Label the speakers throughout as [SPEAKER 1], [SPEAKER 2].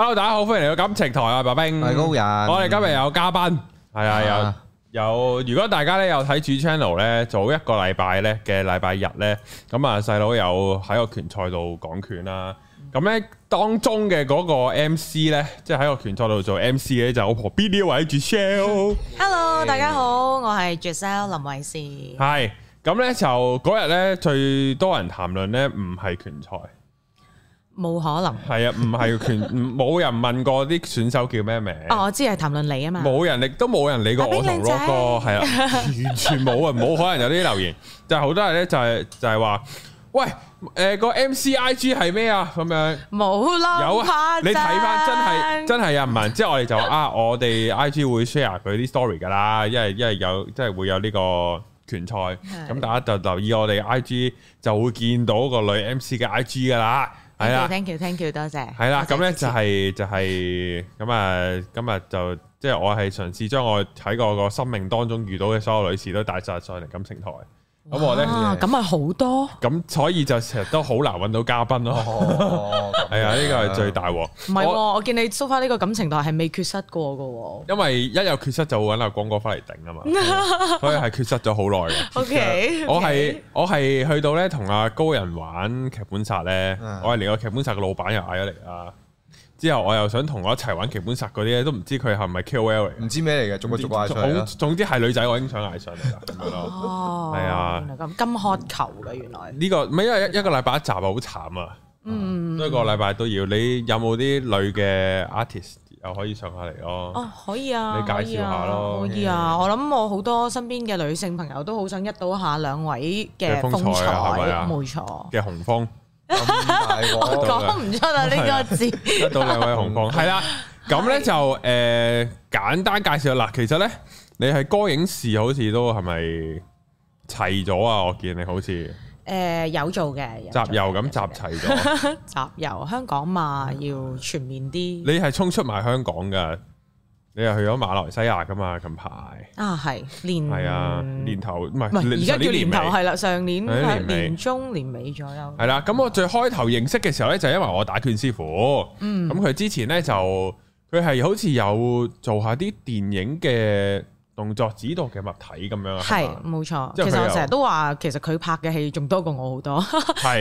[SPEAKER 1] 好，大家好，歡迎嚟到感情台啊，白兵，我哋今日有嘉賓，係啊，有有。如果大家咧有睇主 channel 咧，早一個禮拜咧嘅禮拜日咧，咁啊細佬有喺個拳賽度講拳啦。咁咧當中嘅嗰個 MC 咧，即係喺個拳賽度做 MC 咧，就我旁邊呢一位 Jazzelle。
[SPEAKER 2] Hello，大家好，我係 Jazzelle 林慧倩。
[SPEAKER 1] 係，咁咧就嗰日咧最多人談論咧，唔係拳賽。冇可能，係 啊，唔係拳，冇人問過啲選手叫咩名。
[SPEAKER 2] 哦，我知係譚論你啊嘛。冇
[SPEAKER 1] 人，亦都冇人理過我同 Rok 哥。係 啊，完全冇啊，冇 可能有啲留言。就係好多人咧，就是，就係、是、就係、是、話，喂，誒、呃那個 M C I G 係咩啊？咁樣
[SPEAKER 2] 冇
[SPEAKER 3] 啦，有啊，
[SPEAKER 1] 你睇翻，真
[SPEAKER 2] 係真係啊，
[SPEAKER 1] 有人問，之後 我哋就啊，我哋 I G 會 share 佢啲 story 噶啦，因為因為有，即係會有呢個拳賽，咁大家就留意我哋 I G 就會見到個女 M C 嘅 I G 噶啦。係啦
[SPEAKER 2] ，thank you，thank you，多謝。係啦，咁咧謝就
[SPEAKER 1] 係、是、就係、是、咁啊，今日就即係、就是、我係嘗試將我喺嗰個生命當中遇到嘅所有女士都帶晒上嚟感情台。
[SPEAKER 2] 咁我咧，咁咪好多，
[SPEAKER 1] 咁所以就成日都好難揾到嘉賓咯。係啊、哦，呢、 呢個係最大喎。唔係、哦，我，
[SPEAKER 2] 我見你蘇翻呢個感情袋係未缺失過噶。
[SPEAKER 1] 因為一有缺失就搵阿光哥翻嚟頂啊嘛
[SPEAKER 3] 所
[SPEAKER 1] 以係缺失咗好耐。 O Okay , K，okay. 我係我係去到咧同阿高人玩劇本殺咧， 我係嚟個劇本殺嘅老闆又嗌咗嚟啊。之後我又想同我一齊玩劇本殺嗰啲咧，都唔知佢係咪 K O L 唔知咩嚟嘅，捉鬼捉怪出，總之係女仔，我已經想嗌上嚟啦。哦，
[SPEAKER 2] 係啊，咁金鶴球嘅原
[SPEAKER 1] 來呢個，咪因為一一個禮拜一集好慘啊。嗯，
[SPEAKER 2] 一以個禮
[SPEAKER 1] 拜都要。你有冇啲女嘅 artist 又可以上下嚟咯？哦，
[SPEAKER 2] 可以啊，你介紹下咯。可以啊，我諗我好多身邊嘅女性朋友都好想一睹下兩位嘅風采
[SPEAKER 1] 啊，冇錯嘅雄風。我講唔出啊呢、哦、個
[SPEAKER 3] 字。啊、
[SPEAKER 2] 得
[SPEAKER 1] 到兩位紅光係啦，咁咧、 啊、就誒、呃、簡單介紹啦。其實咧，你係歌影視好似都係咪齊咗啊？我見你好似
[SPEAKER 2] 誒、呃、有做嘅，做
[SPEAKER 1] 集郵咁集齊咗，
[SPEAKER 2] 做 集郵香港嘛、嗯、要全面啲。
[SPEAKER 1] 你係衝出埋香港噶你又去咗馬來西亞噶嘛？近排
[SPEAKER 2] 啊，係年係啊
[SPEAKER 1] 年頭唔係唔係而家叫年頭係啦，
[SPEAKER 2] 上年年中年尾左右
[SPEAKER 1] 係啦。咁我最開頭認識嘅時候咧，就係因為我打段師傅，嗯，咁佢之前咧就佢係好似有做下啲電影嘅動作指導嘅物體咁樣，係
[SPEAKER 2] 冇錯。其實我成日都話，其實佢拍嘅戲仲多過我好多，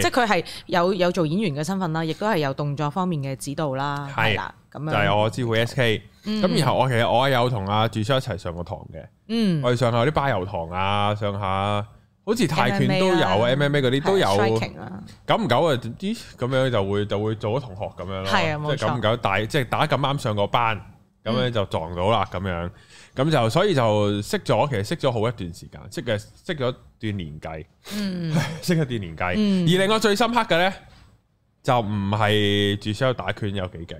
[SPEAKER 2] 即係佢係有有做演員嘅身份啦，亦都係有動作方面嘅指導啦，係啦
[SPEAKER 3] 咁樣。就係我知會 S K。咁、嗯、然後我
[SPEAKER 1] 其實我有同阿住消一齊上過堂嘅，
[SPEAKER 3] 嗯、我
[SPEAKER 1] 哋上下啲巴油堂啊，上下
[SPEAKER 3] 好似泰拳都有 MMA 嗰啲都有，
[SPEAKER 1] 嗯、久唔久啊啲咁樣就會就會做咗同學咁樣咯，嗯、即係久唔久打即係打咁啱上個班，咁樣就撞到啦咁樣，咁、嗯、就所以就識咗，其實識咗好一段時間，識嘅識咗一段年紀，
[SPEAKER 3] 嗯，
[SPEAKER 1] 識 一段年紀、嗯，而令我最深刻嘅咧，就唔係住消打拳有幾勁。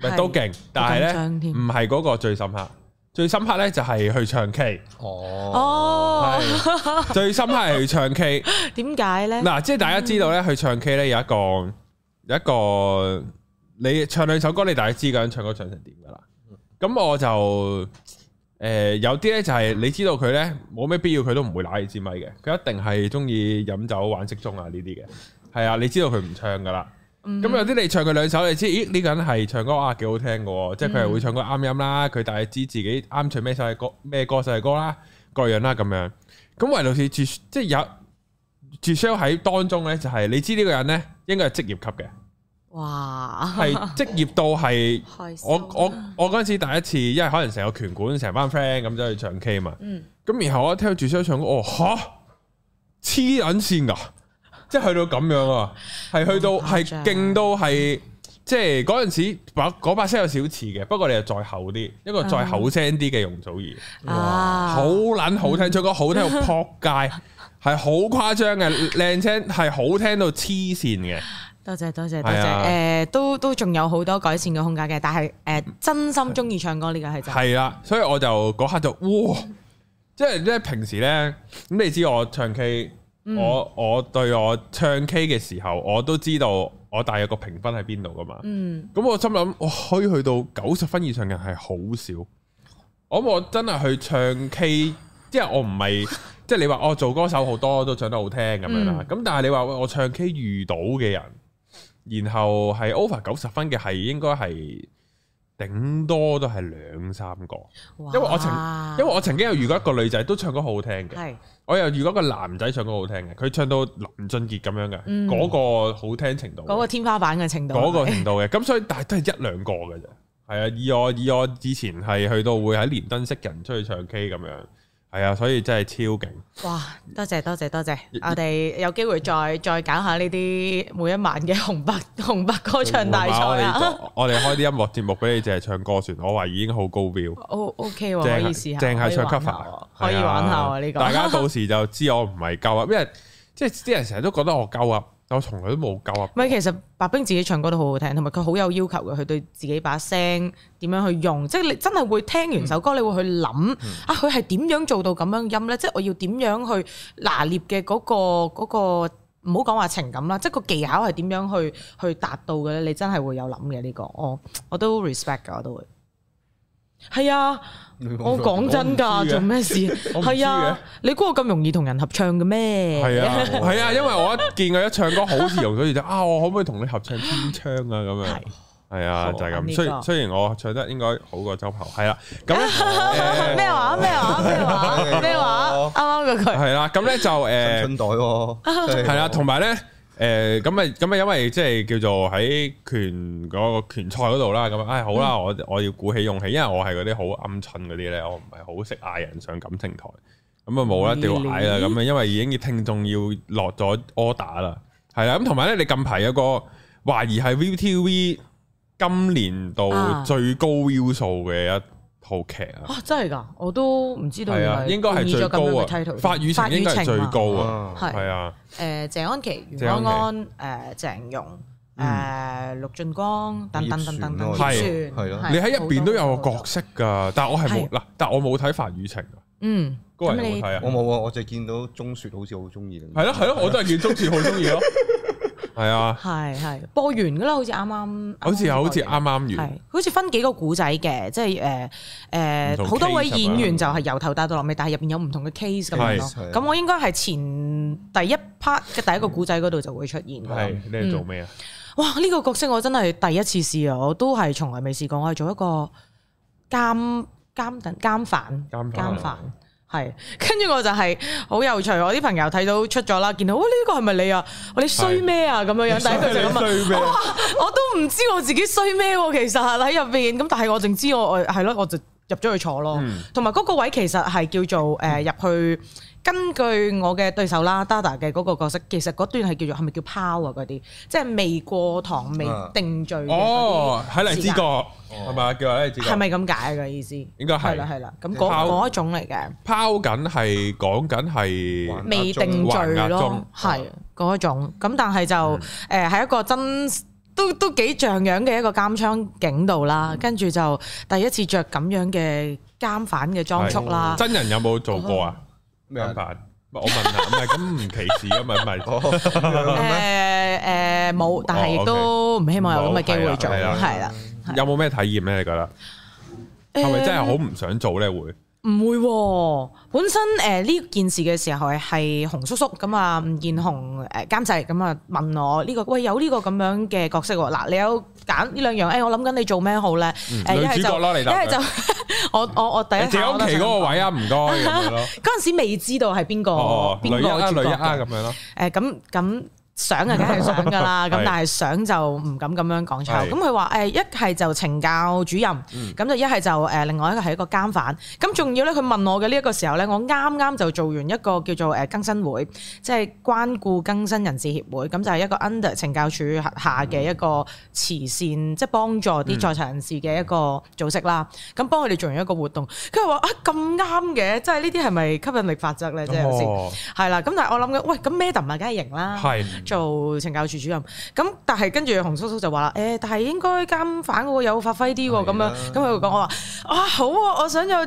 [SPEAKER 1] 咪都勁，但係咧唔係嗰個最深刻，最深刻咧就係去唱 K。哦，最深刻係去唱 K 。
[SPEAKER 2] 點解咧？嗱，
[SPEAKER 1] 即係大家知道咧，去唱 K 咧有一個有一個，你唱兩首歌，你大家知噶唱歌唱成點噶啦。咁我就誒有啲咧就係你知道佢咧冇咩必要，佢都唔會拉你支咪嘅，佢一定係中意飲酒玩骰盅啊呢啲嘅。係啊，你知道佢唔唱噶啦。咁有啲你唱佢兩首，你知咦呢、這個人係唱歌啊幾好聽嘅，即係佢係會唱歌啱音啦，佢、嗯、大係知自己啱唱咩首嘅歌，咩歌手嘅歌啦，各樣啦咁樣。咁魏老師注即係有注喺當中咧，就係、是、你知呢個人咧應該係職業級嘅。
[SPEAKER 2] 哇！係
[SPEAKER 1] 職業到係我 我我嗰陣時第一次，因為可能成個拳館成班 friend 咁走去唱 K 嘛。嗯。咁然後我一聽住銷唱歌，哦黐撚線㗎～即係去到咁樣啊，係去到係勁到係，即係嗰陣時嗰把嗰把聲有少似嘅，不過你又再厚啲，一個再厚聲啲嘅容祖兒，哇、
[SPEAKER 3] uh. 嗯，好
[SPEAKER 1] 撚好聽，唱歌好聽到撲街，係好誇張嘅靚聲，係好聽到痴線嘅。
[SPEAKER 2] 多謝多謝多謝，誒、啊欸，都都仲有好多改善嘅空間嘅，但係誒、欸，真心中意唱歌呢個係真係。
[SPEAKER 1] 係啦、啊啊，所以我就嗰刻就哇， 即係咧平時咧，咁你，你知，你知我唱 K。我我對我唱 K 嘅時候，我都知道我大約個評分喺邊度噶嘛。咁、嗯、我心諗，我可以去到九十分以上嘅係好少。咁我真係去唱 K，ey, 即係我唔係 即係你話我做歌手好多都唱得好聽咁樣啦。咁、嗯、但係你話我唱 K 遇到嘅人，然後係 over 九十分嘅係應該係。頂多都係兩三個，哇因為我曾因為我曾經有遇過一個女仔都唱歌好好聽嘅，是我又遇過一個男仔唱歌好好聽嘅，佢唱到林俊傑咁樣嘅嗰、嗯、個好聽程度，
[SPEAKER 2] 嗰個天花板嘅程度，嗰個程
[SPEAKER 1] 度嘅，咁所以但係都係一兩個嘅啫，係啊，以我以我之前係去到會喺連登識人出去唱 K 咁樣。係啊，所以真係超勁！哇，
[SPEAKER 2] 多謝多謝多謝，多謝 我哋有機會再再搞下呢啲每一晚嘅紅白紅白歌唱大
[SPEAKER 1] 賽我哋 開啲音樂節目俾你淨係唱歌船，我話已經好高標。
[SPEAKER 2] O O K，可以試下，正係唱 Cover、啊，可以玩下呢、啊的這個。 大家到
[SPEAKER 1] 時就知我唔係夠啊！因為即
[SPEAKER 2] 係啲人成日都覺得
[SPEAKER 1] 我夠啊。我從來都冇教啊！
[SPEAKER 2] 唔係，其實白兵自己唱歌都好好聽，同埋佢好有要求嘅。佢對自己把聲點樣去用，即係你真係會聽完首歌，嗯、你會去諗啊，佢係點樣做到咁樣音呢？即係我要點樣去拿捏嘅嗰、嗰個唔好講話情感啦，即係個技巧係點樣去去達到嘅咧？你真係會有諗嘅呢個，我我都 respect 㗎，我都會。係啊，
[SPEAKER 4] 我講
[SPEAKER 2] 真噶，做咩事？係啊，你估我咁容易同人合唱嘅咩？係啊，
[SPEAKER 1] 係啊，因為我一見佢一唱歌好自然，所以就啊，我可唔可以同你合唱天窗啊？咁樣，係啊，就係咁。雖然雖然我唱得應該好過周柏豪，係啦。咁咧，咩話咩話咩話咩
[SPEAKER 3] 話啱啱嘅，
[SPEAKER 1] 佢係啦。咁咧就誒，春袋係啦，同埋咧。誒咁啊咁啊，呃、因為即係叫做喺拳嗰、那個、拳賽嗰度啦，咁啊，唉、哎、好啦，我我要鼓起勇氣，因為我係嗰啲好鵪鶉嗰啲咧，我唔係好識嗌人上感情台，咁啊冇啦，掉嗌啦，咁啊，因為已經要聽眾要落咗 order 啦，係啦，咁同埋咧，你近排有一個懷疑係 ViuTV 今年度最高 view 數嘅一。啊好劇
[SPEAKER 2] 啊！真係噶，我都唔知道。係啊，應該係最高啊。法語情應該係最高啊。係啊，誒，謝安琪、鄭安安、誒，鄭融、誒，陸俊光等等等等等。係，係咯。你喺入邊
[SPEAKER 1] 都有個角色噶，但係我係冇嗱，但係我冇睇
[SPEAKER 4] 法語情啊。
[SPEAKER 2] 嗯，高人冇睇啊，我冇
[SPEAKER 4] 啊，我淨係見到鍾雪好似好鍾意。係咯係咯，我都係見鍾雪好鍾意咯。
[SPEAKER 2] 係啊，係係播完噶啦，好似啱啱，好似好似
[SPEAKER 1] 啱啱完，
[SPEAKER 2] 好似分幾個古仔嘅，即係誒誒，好、呃呃、多位演員就係由頭帶到落尾，嗯、但係入邊有唔同嘅 case 咁樣咯。咁的我應該係前第一 part 嘅第一個古仔嗰度就會出現。係、嗯、你係做咩啊、嗯？哇！呢、這個角色我真係第一次試啊，我都係從來未試過。我係做一個監監等監犯監犯。係，跟住我就係、係、好有趣，我啲朋友睇到出咗啦，見到哇呢、呢個係咪你啊？我哋衰咩啊咁樣樣，第一句就咁問，我都唔知我自己衰咩喎， 其實喺入面，咁但係我淨知我係咯，我就入咗去坐咯，同埋嗰個位其實係叫做誒入、呃、去。根據我嘅對手啦，Dada 嘅嗰個角色，其實嗰段係叫做係咪叫拋嗰啲，即係未過堂、未定罪嘅。哦，喺荔枝角
[SPEAKER 1] 係咪啊？叫喺荔枝角係咪咁
[SPEAKER 2] 解嘅意思？應該係係啦，係啦。咁嗰嗰一種嚟嘅。拋
[SPEAKER 1] 緊係講緊係未定罪咯，
[SPEAKER 2] 係嗰一種。咁但係就誒係一個真都都幾像樣嘅一個監倉警度啦。跟住就第一次著咁樣嘅監犯嘅裝束啦。真人
[SPEAKER 1] 有冇做過啊？咩辦法？我問下，唔係咁唔歧視噶嘛，唔係。誒
[SPEAKER 2] 誒，冇，但係亦都唔希望有咁嘅機會做，係啦、哦。Okay，
[SPEAKER 1] 有冇咩體驗咧？你覺得
[SPEAKER 2] 係咪、欸、真係好唔
[SPEAKER 1] 想做咧？會？
[SPEAKER 2] 唔會喎、哦，本身誒呢、呃、件事嘅時候係紅叔叔，咁啊，吳建紅誒監製，咁啊問我呢個，喂，有呢個咁樣嘅角色喎，嗱你有揀呢兩樣，誒，我諗緊你做咩好咧？誒一係就一係、嗯、就，就我我我第一謝安琪嗰個位啊，唔該嗰陣時未知道係邊個女一啊女一啊咁樣咯，誒咁咁。哦想啊，梗係想噶啦，咁但係想就唔敢咁樣講出嚟。咁佢話誒，一係就懲教主任，咁就一係就誒，另外一個係一個監犯。咁仲要咧，佢問我嘅呢一個時候咧，我啱啱就做完一個叫做誒更新會，即係關顧更新人士協會，咁就係一個 under 懲教署下嘅一個慈善，即係幫助啲在囚人士嘅一個組織啦。咁幫佢哋做完一個活動，佢話啊咁啱嘅，即係呢啲係咪吸引力法則咧？即係好似係啦。咁但係我諗嘅，喂，咁 Madam 唔係梗係型啦，係。做懲教處主任，咁但係跟住洪叔叔就話啦，誒，但係應該監犯嗰個有發揮啲咁樣，咁佢會講我話啊好，我想有誒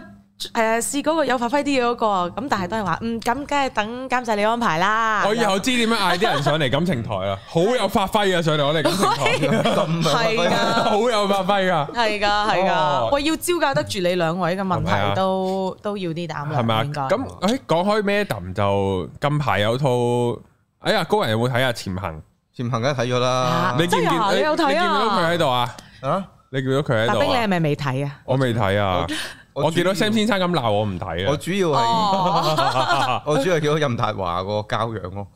[SPEAKER 2] 試嗰個有發揮啲嘅嗰個，咁但係都係話嗯，咁梗係等監製你安排啦。我以後知
[SPEAKER 1] 點樣嗌啲人上嚟感情台啦，好有發揮啊上嚟我哋感情台，係噶，
[SPEAKER 3] 好有發揮噶，係噶係
[SPEAKER 2] 噶，我要招架得住你兩位嘅問題都都要啲膽量。係咪啊？咁
[SPEAKER 1] 誒講開 madam 就近排有套。哎呀，高人有冇睇啊？潛行，潛行梗係睇咗啦。你真呀，你有睇啊！你見到佢喺度啊？啊，
[SPEAKER 4] 你見到佢
[SPEAKER 1] 喺度？阿兵，你係
[SPEAKER 2] 咪未睇啊？我未
[SPEAKER 4] 睇啊，我見到 Sam 先生咁鬧我唔睇啊。我主要係，我主要係見到任達華個膠樣咯，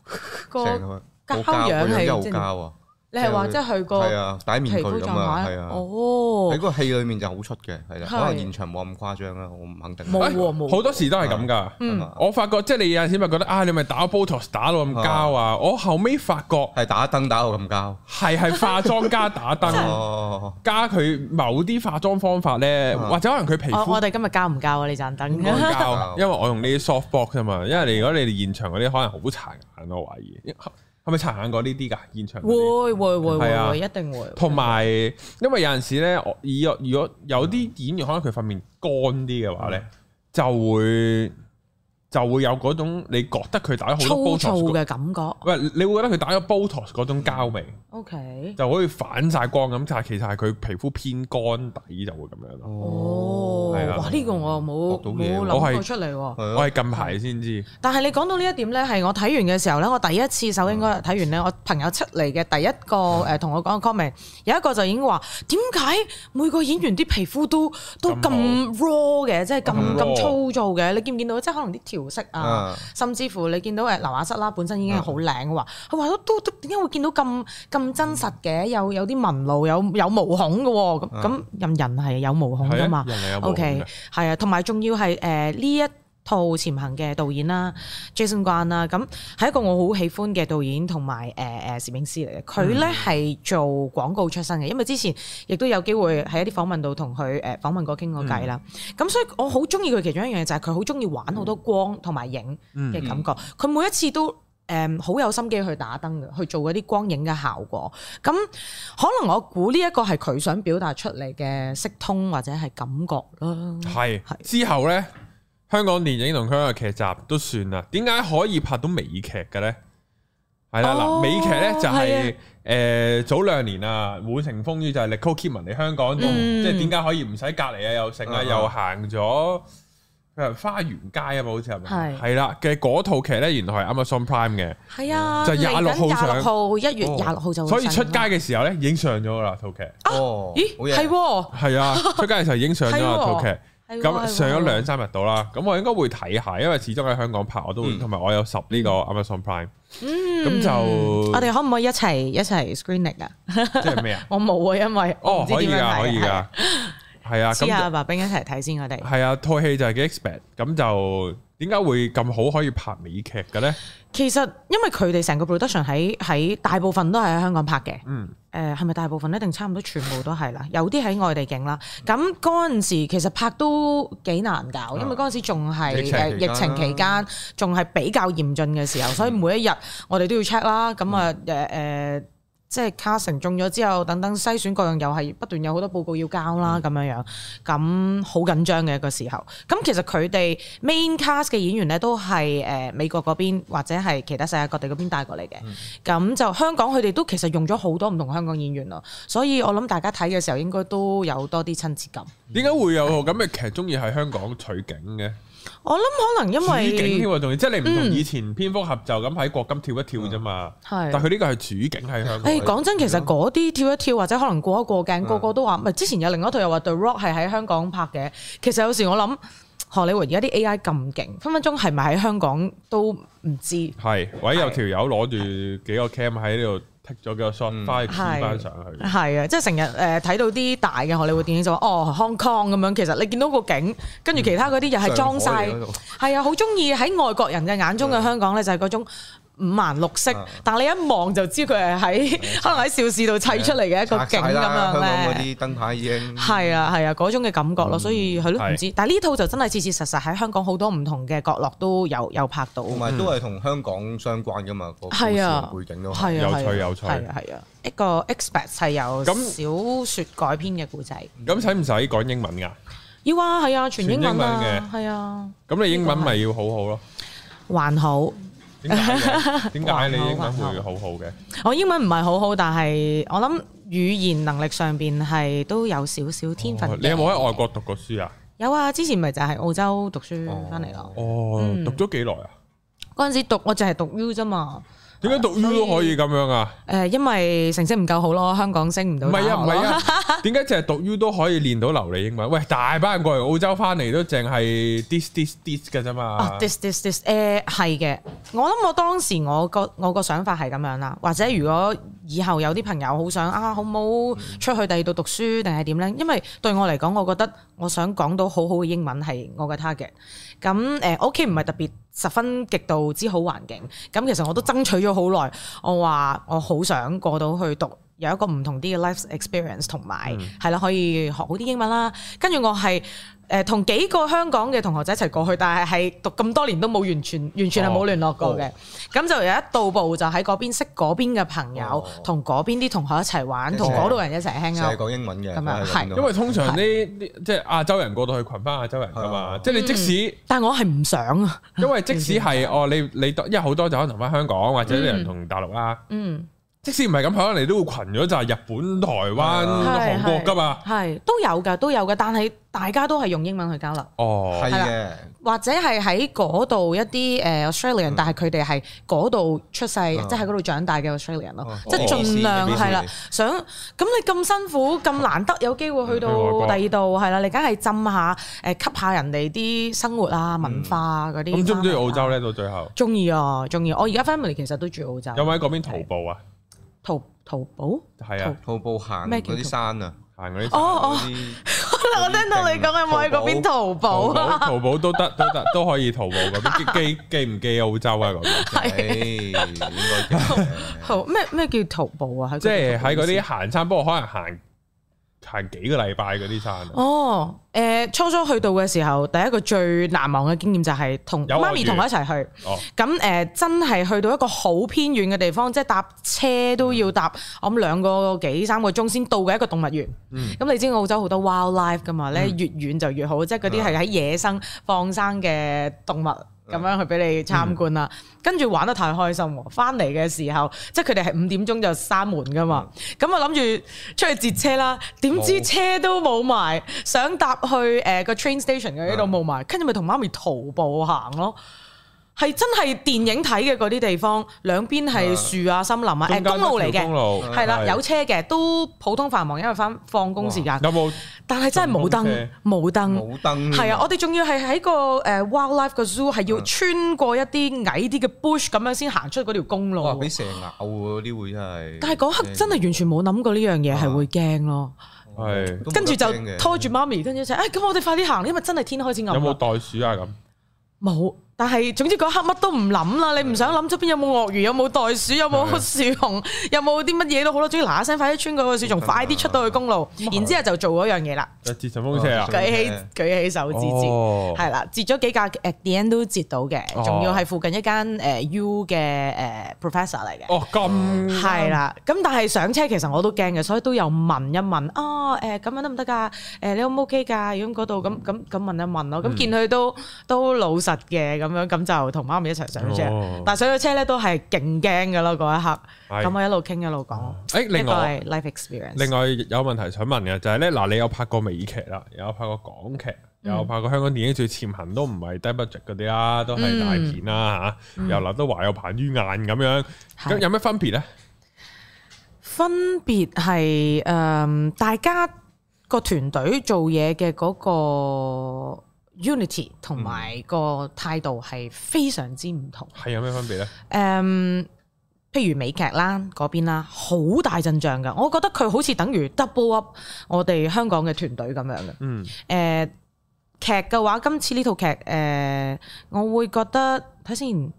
[SPEAKER 3] 成咁樣膠樣係真。
[SPEAKER 4] 你係話即係個戴面具咁啊？係啊！哦，喺個戲裏面就好出嘅，係啦。可能現場冇咁誇張啦，我唔肯定。
[SPEAKER 1] 冇好多時都係咁噶。我發覺即係你有陣時咪覺得啊，你咪打 botox 打到咁膠啊！
[SPEAKER 4] 我後尾發覺係打燈打到咁膠，
[SPEAKER 1] 係係化妝加打燈加佢某啲化妝方法咧，或者可能佢皮膚。我哋
[SPEAKER 4] 今日加唔加呢盞燈？
[SPEAKER 3] 唔加，
[SPEAKER 1] 因為我用呢啲 soft box 啊嘛。因為如果你哋現場嗰啲可能好殘忍，我懷疑。係咪擦眼過呢啲噶現場？會
[SPEAKER 3] 會會會、啊、一定會。
[SPEAKER 1] 同埋，因為有陣時咧，我以如果有啲演員、嗯、可能佢塊面乾啲嘅話咧，嗯、就會。就會有嗰種你覺得佢打咗好多 Botox 嘅感覺，喂，你會覺得佢打咗 Botox 嗰種膠味
[SPEAKER 2] ，OK，就
[SPEAKER 1] 可以反晒光咁，但係其實係佢皮膚偏乾底就會咁樣咯。哦，哇，呢
[SPEAKER 2] 個我又冇諗過，出嚟
[SPEAKER 1] 我係近排先知。
[SPEAKER 2] 但係你講到呢一點咧，係我睇完嘅時候咧，我第一次首先應該睇完咧，我朋友出嚟嘅第一個誒同我講個 comment，有一個就已經話點解每個演員啲皮膚都都咁 raw 嘅，即係咁咁粗糙嘅，你見唔見到？即係可能啲條。色啊，啊甚至乎你見到誒樓下室啦，本身已經係好靚嘅話，佢話、啊、都都點解會見到咁咁真實嘅？有有啲紋路，有有，有毛孔嘅喎、哦，咁咁任人係有毛孔㗎嘛。OK，係啊，同埋仲要係誒呢一。套《潛行》嘅導演啦，Jason 關啦，咁係一個我好喜歡嘅導演同埋誒誒攝影師嚟嘅。佢咧係做廣告出身嘅，因為之前亦都有機會喺一啲訪問度同佢誒訪問過傾過偈啦。咁、嗯、所以我好中意佢其中一樣嘢，就係佢好中意玩好多光同埋影嘅感覺。佢、嗯嗯、每一次都誒好、呃、有心機去打燈嘅，去做嗰啲光影嘅效果。咁可能我估呢一個係佢想表達出嚟嘅色調或者係感覺啦。係，
[SPEAKER 1] 係，是是之後咧。香港電影同香港劇集都算啦，點解可以拍到美劇嘅咧？係啦，嗱，美劇咧就係誒早兩年啊，《滿城風雨》就係 Nicole Kidman 嚟香港，即係點解可以唔使隔離啊？又成啊，又行咗誒花園街啊，嘛，好似係咪？係啦嘅嗰套劇咧，原來係 Amazon Prime 嘅，
[SPEAKER 3] 係啊，
[SPEAKER 2] 就廿六號上，廿號一月廿六號就所以出
[SPEAKER 1] 街嘅時候咧已經上咗啦套劇哦，咦係係啊，出街嘅時候已經上咗啦套劇。咁上咗兩三日到啦，咁我應該會睇下，因為始終喺香港拍，我都會同埋我有十呢個 Amazon Prime，
[SPEAKER 2] 咁就我哋可唔可以一齊一齊 screening 啊？即係咩啊？我冇啊，因為哦可以啊，可以啊，
[SPEAKER 1] 係啊，咁阿白
[SPEAKER 2] 兵一齊睇先，我哋係
[SPEAKER 1] 啊，套戲就係幾 expect，咁就。點解會咁好可以拍美劇嘅咧？
[SPEAKER 2] 其實因為佢哋成個 production 喺喺大部分都係喺香港拍嘅。嗯、呃。誒，係咪大部分一定差唔多全部都係啦。 有啲喺外地景啦。咁嗰陣時其實拍都幾難搞，因為嗰陣時仲係疫情期間，仲係比較嚴峻嘅時候，所以每一日我哋都要 check 啦。咁啊，誒誒。即係 casting 中咗之後，等等篩選各樣又係不斷有好多報告要交啦，咁樣、嗯、樣，咁好緊張嘅一個時候。咁其實佢哋 main cast 嘅演員咧，都係誒、呃、美國嗰邊或者係其他世界各地嗰邊帶過嚟嘅。咁、嗯、就香港佢哋都其實用咗好多唔同香港演員咯，所以我諗大家睇嘅時候應該都有多啲親切感。
[SPEAKER 1] 點解會有咁嘅劇中意喺香港取景嘅？
[SPEAKER 2] 我諗可能因為景添啊，仲要即係你唔同以
[SPEAKER 1] 前蝙蝠俠，就咁喺國金跳一跳啫嘛。係、嗯，但佢呢個係主景，喺香港。誒、欸，講真，
[SPEAKER 2] 是其實嗰啲跳一跳或者可能過一過鏡，是的 個個都話唔係。之前有另一套又話 The rock 係喺香港拍嘅。其實有時我諗，荷里活而家啲 AI 咁勁，分分鐘係咪喺香港都唔知。
[SPEAKER 1] 係，或者有條友攞住幾個 cam 喺呢度。剔咗個身翻起翻上
[SPEAKER 2] 去，係啊、嗯，即係成日誒，睇到啲大嘅荷里活電影就話哦 Hong Kong 咁樣，其實你見到個景，跟住其他嗰啲又係裝晒。係啊、嗯，好中意喺外國人嘅眼中嘅香港咧，對就係嗰種。五顏六色，但你一望就知佢係喺可能喺邵氏度砌出嚟嘅一個景咁樣。香港嗰啲
[SPEAKER 4] 燈牌已經
[SPEAKER 2] 係啊係啊嗰種嘅感覺咯，所以係咯唔知。但呢套就真係切切實實喺香港好多唔同嘅角落都有有拍到，同埋都係同
[SPEAKER 4] 香港相關噶嘛個背景咯，有趣
[SPEAKER 2] 有
[SPEAKER 1] 趣係啊係
[SPEAKER 2] 啊一個 expect 係有咁小説改編嘅故仔。
[SPEAKER 1] 咁使唔使講英文噶？
[SPEAKER 2] 要啊係啊，全英文嘅係啊。
[SPEAKER 1] 咁你英文咪要好好咯，
[SPEAKER 2] 還好。點
[SPEAKER 1] 解你英文會好好嘅？
[SPEAKER 2] 我、哦、英文唔係好好，但係我諗語言能力上面係都有少少天分、哦。你有冇喺
[SPEAKER 1] 外國讀過書啊？
[SPEAKER 2] 有啊，之前咪就係澳洲讀書翻嚟咯。
[SPEAKER 1] 哦、嗯、讀咗幾耐啊？嗰
[SPEAKER 2] 陣時讀我就係讀 U 啫嘛。點解讀 U 都可以咁樣啊？誒、呃，因為成績唔夠好咯，香港升唔到。唔係啊，唔係啊，
[SPEAKER 1] 點解淨係讀 U 都可以練到流利英文？喂，大班人過嚟澳洲翻嚟都淨係 this this this 噶啫嘛？啊、oh，this
[SPEAKER 2] this this，誒、呃，係嘅。我諗我當時我個我個想法係咁樣啦。或者如果以後有啲朋友好想啊，好唔好出去第二度讀書定係點咧？因為對我嚟講，我覺得我想講到好好嘅英文係我嘅 target。咁、嗯、誒，我屋企唔係特別。十分極度之好環境，咁其實我都爭取咗好耐，我話我好想過到去去讀。有一個唔同啲嘅 life experience，同埋係咯，可以學好啲英文啦。跟住我係誒同幾個香港嘅同學仔一齊過去，但係係讀咁多年都冇完全完全係冇聯絡過嘅。咁就有一到埗就喺嗰邊識嗰邊嘅朋友，同嗰邊啲同學一齊玩，同嗰度人一齊傾啊。係講英
[SPEAKER 4] 文
[SPEAKER 1] 嘅，咁啊係。因為通常呢啲即係亞洲人過到去羣翻亞洲人噶嘛，即係你即使，
[SPEAKER 2] 但係我係唔想啊。因為即使係
[SPEAKER 1] 哦，你你因為好多就可能翻香港，或者啲人同大陸啦，嗯。即使唔係咁可能你都會群咗就係日本、台灣、韓國噶
[SPEAKER 3] 嘛。
[SPEAKER 2] 係都有噶，都有噶，但係大家都係用英文去交流。
[SPEAKER 3] 哦，係嘅。
[SPEAKER 2] 或者係喺嗰度一啲誒 Australian，但係佢哋係嗰度出世，即係喺嗰度長大嘅 Australian 咯。即係盡量係啦。想咁你咁辛苦咁難得有機會去到第二度，係啦，你梗係浸下誒吸下人哋啲生活啊、文化啊嗰啲。咁中唔中意
[SPEAKER 1] 澳洲咧？到最後
[SPEAKER 2] 中意啊，中意。我而家 family 其實都住澳洲。有
[SPEAKER 1] 冇喺嗰邊徒步啊？
[SPEAKER 2] 淘淘寶，
[SPEAKER 1] 係啊，淘寶，行嗰啲山啊，行嗰啲山
[SPEAKER 2] 嗰啲，可能我聽到你講有冇喺嗰邊淘寶啊？淘
[SPEAKER 1] 寶都得，都得，都可以淘寶嗰邊。寄唔寄澳洲啊？嗰邊係應該
[SPEAKER 2] 寄。好，咩咩叫淘寶啊？即係喺嗰啲
[SPEAKER 1] 行山，不過可能行。行幾個禮拜嗰啲餐。
[SPEAKER 2] 哦，誒、呃、初初去到嘅時候，第一個最難忘嘅經驗就係同媽咪同我一齊去，咁誒、哦嗯呃、真係去到一個好偏遠嘅地方，即係搭車都要搭、嗯、我諗兩個幾三個鐘先到嘅一個動物園。咁、嗯嗯、你知澳洲好多 wildlife 㗎嘛？咧越遠就越好，嗯、即係嗰啲係喺野生放生嘅動物。咁樣去俾你參觀啦，跟住、嗯、玩得太開心，翻嚟嘅時候，即係佢哋係五點鐘就閂門噶嘛，咁我諗住出去截車啦，點知車都冇埋，嗯、想搭去誒、呃、個 train station 嘅呢度冇埋，嗯、跟住咪同媽咪徒步行咯。係真係電影睇嘅嗰啲地方，兩邊係樹啊、森林啊，誒公路嚟嘅，公路？係啦，有車嘅，都普通繁忙，因為返放工時間。有冇？但係真係冇燈，冇燈。冇燈。係啊，我哋仲要係喺個誒 wildlife 個 zoo，係要穿過一啲矮啲嘅 bush 咁樣先行出嗰條公路。哇！俾蛇咬嗰啲會真係。但係嗰刻真係完全冇諗過呢樣嘢係會驚咯。係。
[SPEAKER 1] 跟住就拖住
[SPEAKER 2] 媽咪，跟住一齊誒，咁我哋快啲行，因為真係天開始暗。有冇
[SPEAKER 1] 袋鼠啊？咁
[SPEAKER 2] 冇。但係，總之嗰刻乜都唔諗啦，你唔想諗出邊有冇鱷魚，的有冇袋鼠，的有冇樹熊，有冇啲乜嘢都好啦，只要嗱嗱聲快啲穿過嗰個樹叢，的快啲出到去公路，的然之後就做嗰樣嘢啦。
[SPEAKER 1] 截舉、啊、起舉起手指，指截、哦，係啦，
[SPEAKER 2] 截咗幾架，誒，at the end 都截到嘅，仲、哦、要係附近一間誒、呃、U 嘅誒 professor 嚟嘅。哦，咁係啦，咁但係上車其實我都驚嘅，所以都有問一問哦，誒、呃，咁樣得唔得㗎？誒、呃，你 O 唔 OK 噶？如嗰度咁咁咁問一問咯，咁見佢都都老實嘅。咁樣咁就同媽咪一齊上車，哦、但上咗車咧都係勁驚嘅咯。嗰一刻，咁是我一路傾一路講。誒、嗯，另外 life experience，另
[SPEAKER 1] 外有問題想問嘅就係咧，嗱，你有拍過美劇啦，有拍過港劇，嗯、有拍過香港電影，最潛行都唔係低 budget 嗰啲啦，都係大片啦吓。有劉德華，有彭于晏咁樣，咁是有咩分別咧？
[SPEAKER 2] 分別係誒，大家個團隊做嘢嘅嗰個。Unity 同埋個態度係非常之唔同。
[SPEAKER 1] 係有咩分別呢？誒，
[SPEAKER 2] 譬如美劇啦嗰邊啦，好大陣仗噶。我覺得佢好似等於 double up 我哋香港嘅團隊咁樣嘅。嗯。誒、uh, 劇嘅話，今次呢套劇誒，uh, 我會覺得睇先。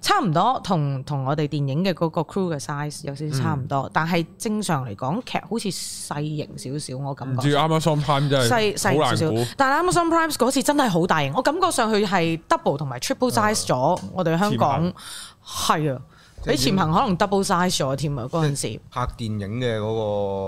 [SPEAKER 2] 差唔多同同我哋電影嘅嗰個 crew 嘅 size 有少少差唔多，嗯、但係正常嚟講劇好似細型少少，我感覺。知啱
[SPEAKER 1] 啱 Amazon Prime 真係好難估，細、細型少少，
[SPEAKER 2] 但係 Amazon Prime 嗰次真係好大型，我感覺上去係 double 同埋 triple size 咗我哋香港係半啊。你潛行可能 double size 咗添啊！嗰陣時
[SPEAKER 4] 拍電影嘅嗰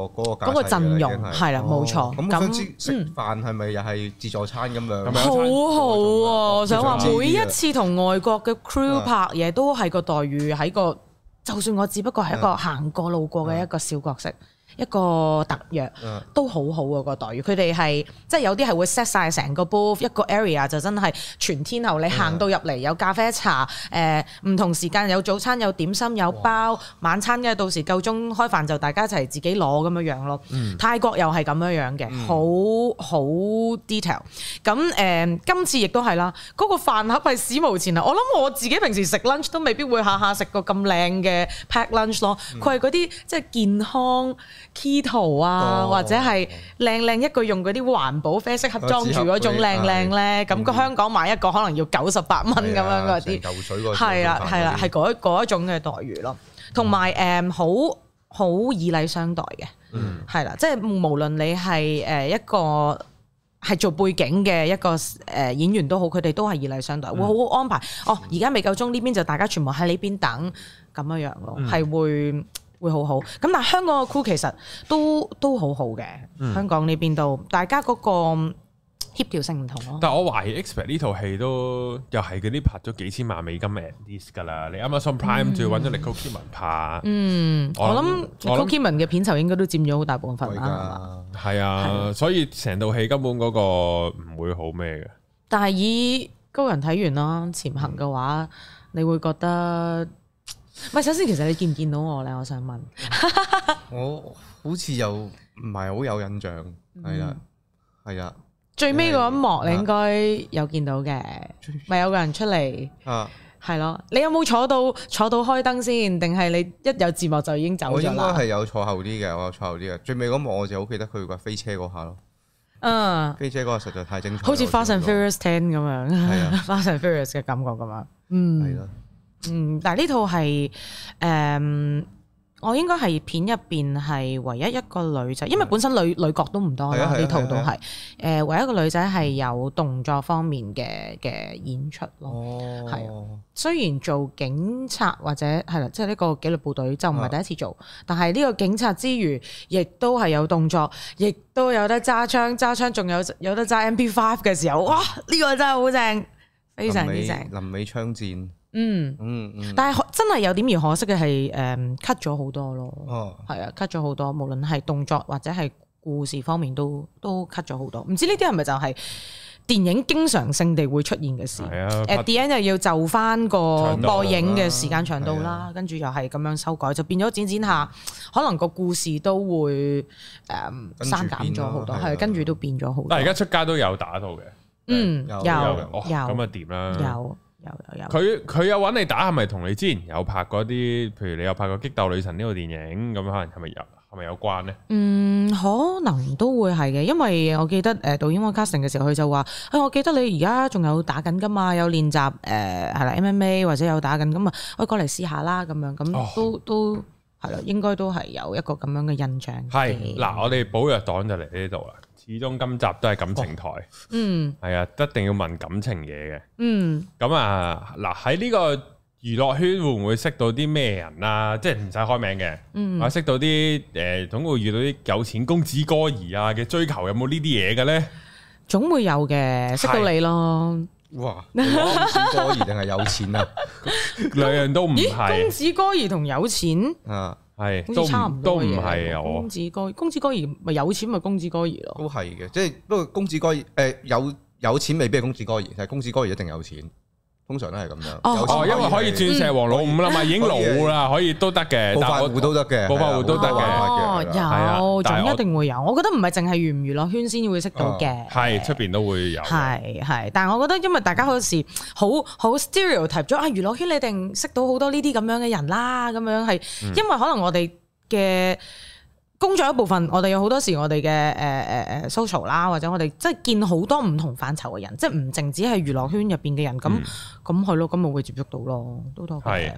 [SPEAKER 4] 個嗰個嗰個陣容係啦，冇、哦、錯。咁食飯係咪又係自助餐咁樣？好
[SPEAKER 2] 好啊！我、啊啊、想話每一次同外國嘅 crew 拍嘢都係個待遇喺個，就算我只不過係一個行過路過嘅一個小角色。一個特約、uh, 都好好啊！個待遇，佢哋係即係有啲係會 set 曬成個 booth 一個 area 就真係全天候你行到入嚟、uh, 有咖啡茶，誒、呃、唔同時間有早餐有點心有包、uh, 晚餐因為，到時夠鐘開飯就大家一齊自己攞咁樣樣咯。Uh, 泰國又係咁樣樣嘅，好好 detail。咁誒、uh, 今次亦都係啦，嗰個飯盒係史無前例。我諗我自己平時食 lunch 都未必會下下食個咁靚嘅 pack lunch 咯。佢係嗰啲即係健康。Uh, uh, K 圖啊，或者係靚靚一個用嗰啲環保啡色盒裝住嗰種靚靚咧，咁個香港買一個可能要九十八蚊咁樣嗰啲，遊水嗰啲係啦係啦，係嗰嗰一種嘅待遇咯。同埋誒好好以禮相待嘅，嗯係啦，即係無論你係誒一個係做背景嘅一個誒演員都好，佢哋都係以禮相待，會好好安排。哦，而家未夠鐘呢邊就大家全部喺呢邊等咁樣樣咯，係會。會好好，咁但係香港嘅 crew 其實都都好好嘅，香港呢邊度，大家嗰個協調性唔同咯。
[SPEAKER 1] 但係我懷疑 Expats 呢套戲都又係嗰啲拍咗幾千萬美金 at least 噶啦，你啱啱 Amazon Prime 仲要揾咗 Nicole Kidman 拍，
[SPEAKER 2] 嗯，我諗 Nicole Kidman 嘅片酬應該都佔咗好大部分啦，
[SPEAKER 1] 係啊，所以成套戲根本嗰個唔會好咩嘅。
[SPEAKER 2] 但係以高人睇完啦，潛行嘅話你會覺得。唔係，首先其實你見唔見到我咧？我想問，
[SPEAKER 4] 我好似又唔係好有印象，係啊，係啊。
[SPEAKER 2] 最尾嗰一幕你應該有見到嘅，咪、 啊、有個人出嚟，係咯、啊。你有冇坐到坐到開燈先？定係你一有字幕就已經走咗啦？我應該係
[SPEAKER 4] 有坐後啲嘅，我有坐後啲嘅。最尾嗰幕我就好記得佢個飛車嗰下咯，嗯，uh, 飛車嗰下實在太精彩，uh, 好似《Fast and Furious
[SPEAKER 2] Ten》咁樣，uh. 《Fast and Furious》嘅感覺咁啊，嗯、
[SPEAKER 3] mm.，係咯。
[SPEAKER 2] 嗯，但係呢套係，誒、嗯，我應該係片入邊係唯一一個女仔，因為本身女女角都唔多啦，呢、啊、套都係，誒、啊，啊、唯一一個女仔係有動作方面嘅嘅演出咯，係、哦，雖然做警察或者係啦，即係呢個紀律部隊就唔係第一次做，啊、但係呢個警察之餘，亦都係有動作，亦都有得揸槍，揸槍仲有有得揸 MP5 嘅時候，哇，呢、這個真係好正，美非常之正。
[SPEAKER 4] 臨尾槍戰。嗯嗯 嗯，但係
[SPEAKER 2] 真係有點而可惜嘅係，誒、um,，cut 咗好多咯。哦，係啊，cut 咗好多，無論係動作或者係故事方面都都 cut 咗好多。唔知呢啲係咪就係電影經常性地會出現嘅
[SPEAKER 3] 事？係啊，at the
[SPEAKER 2] end 又要就翻個播映嘅時間長度啦，跟住又係咁樣修改，就變咗剪剪下，可能個故事都會誒刪減咗好多，係跟住都變咗好多。但
[SPEAKER 1] 係而家出街都有打套嘅，
[SPEAKER 2] 嗯，有有咁啊，
[SPEAKER 1] 點啦？有。佢佢有揾你打，係咪同你之前有拍過啲，譬如你有拍過《激鬥女神》呢部電影咁，可能係咪有係咪有關呢？嗯，
[SPEAKER 2] 可能都會係嘅，因為我記得誒導演講 casting 嘅時候，佢就話：誒，我記得你而家仲有打緊㗎嘛，有練習誒係啦 MMA 或者有打緊咁啊，我過嚟試下啦，咁樣，咁都都係啦，應該都係有一個咁樣嘅印象。係嗱，
[SPEAKER 1] 我哋寶藥黨就嚟呢度啦。始終今集都係感情台，嗯，係啊，一定要問感情嘢嘅，嗯。咁啊，嗱，喺呢個娛樂圈會唔會識到啲咩人啊？即係唔使開名嘅，嗯，啊識到啲誒，總會遇到啲有錢公子哥兒啊嘅追求，有冇呢啲嘢嘅咧？
[SPEAKER 2] 總會有嘅，識到你咯。哇！你公子哥兒
[SPEAKER 4] 定係有錢啊？兩樣都
[SPEAKER 1] 唔係。公
[SPEAKER 2] 子哥兒同有錢
[SPEAKER 4] 啊，係都差唔多，都唔係啊！公子
[SPEAKER 2] 哥兒公子哥兒咪有錢咪公子哥兒咯。都係
[SPEAKER 4] 嘅，即係不過公子哥兒誒有有錢未必係公子哥兒，但係公子哥兒一定有錢。通常都係咁樣，哦，因為可以鑽石王老五啦嘛，已經老啦，可以都得嘅，暴發戶都得嘅，暴發戶都得嘅，
[SPEAKER 2] 有，總一定會有，我覺得唔係淨係娛唔娛樂圈先會識到嘅，
[SPEAKER 1] 係出邊都會有，
[SPEAKER 2] 係係，但係我覺得因為大家好多時好好 stereotype 咗，啊，娛樂圈你一定識到好多呢啲咁樣嘅人啦，咁樣係，因為可能我哋嘅。工作一部分，我哋有好多時，我哋嘅誒誒誒 social 啦，或者我哋即係見好多唔同範疇嘅人，即係唔淨止係娛樂圈入邊嘅人，咁咁去咯，咁冇、嗯、會接觸到咯，都多嘅。係是，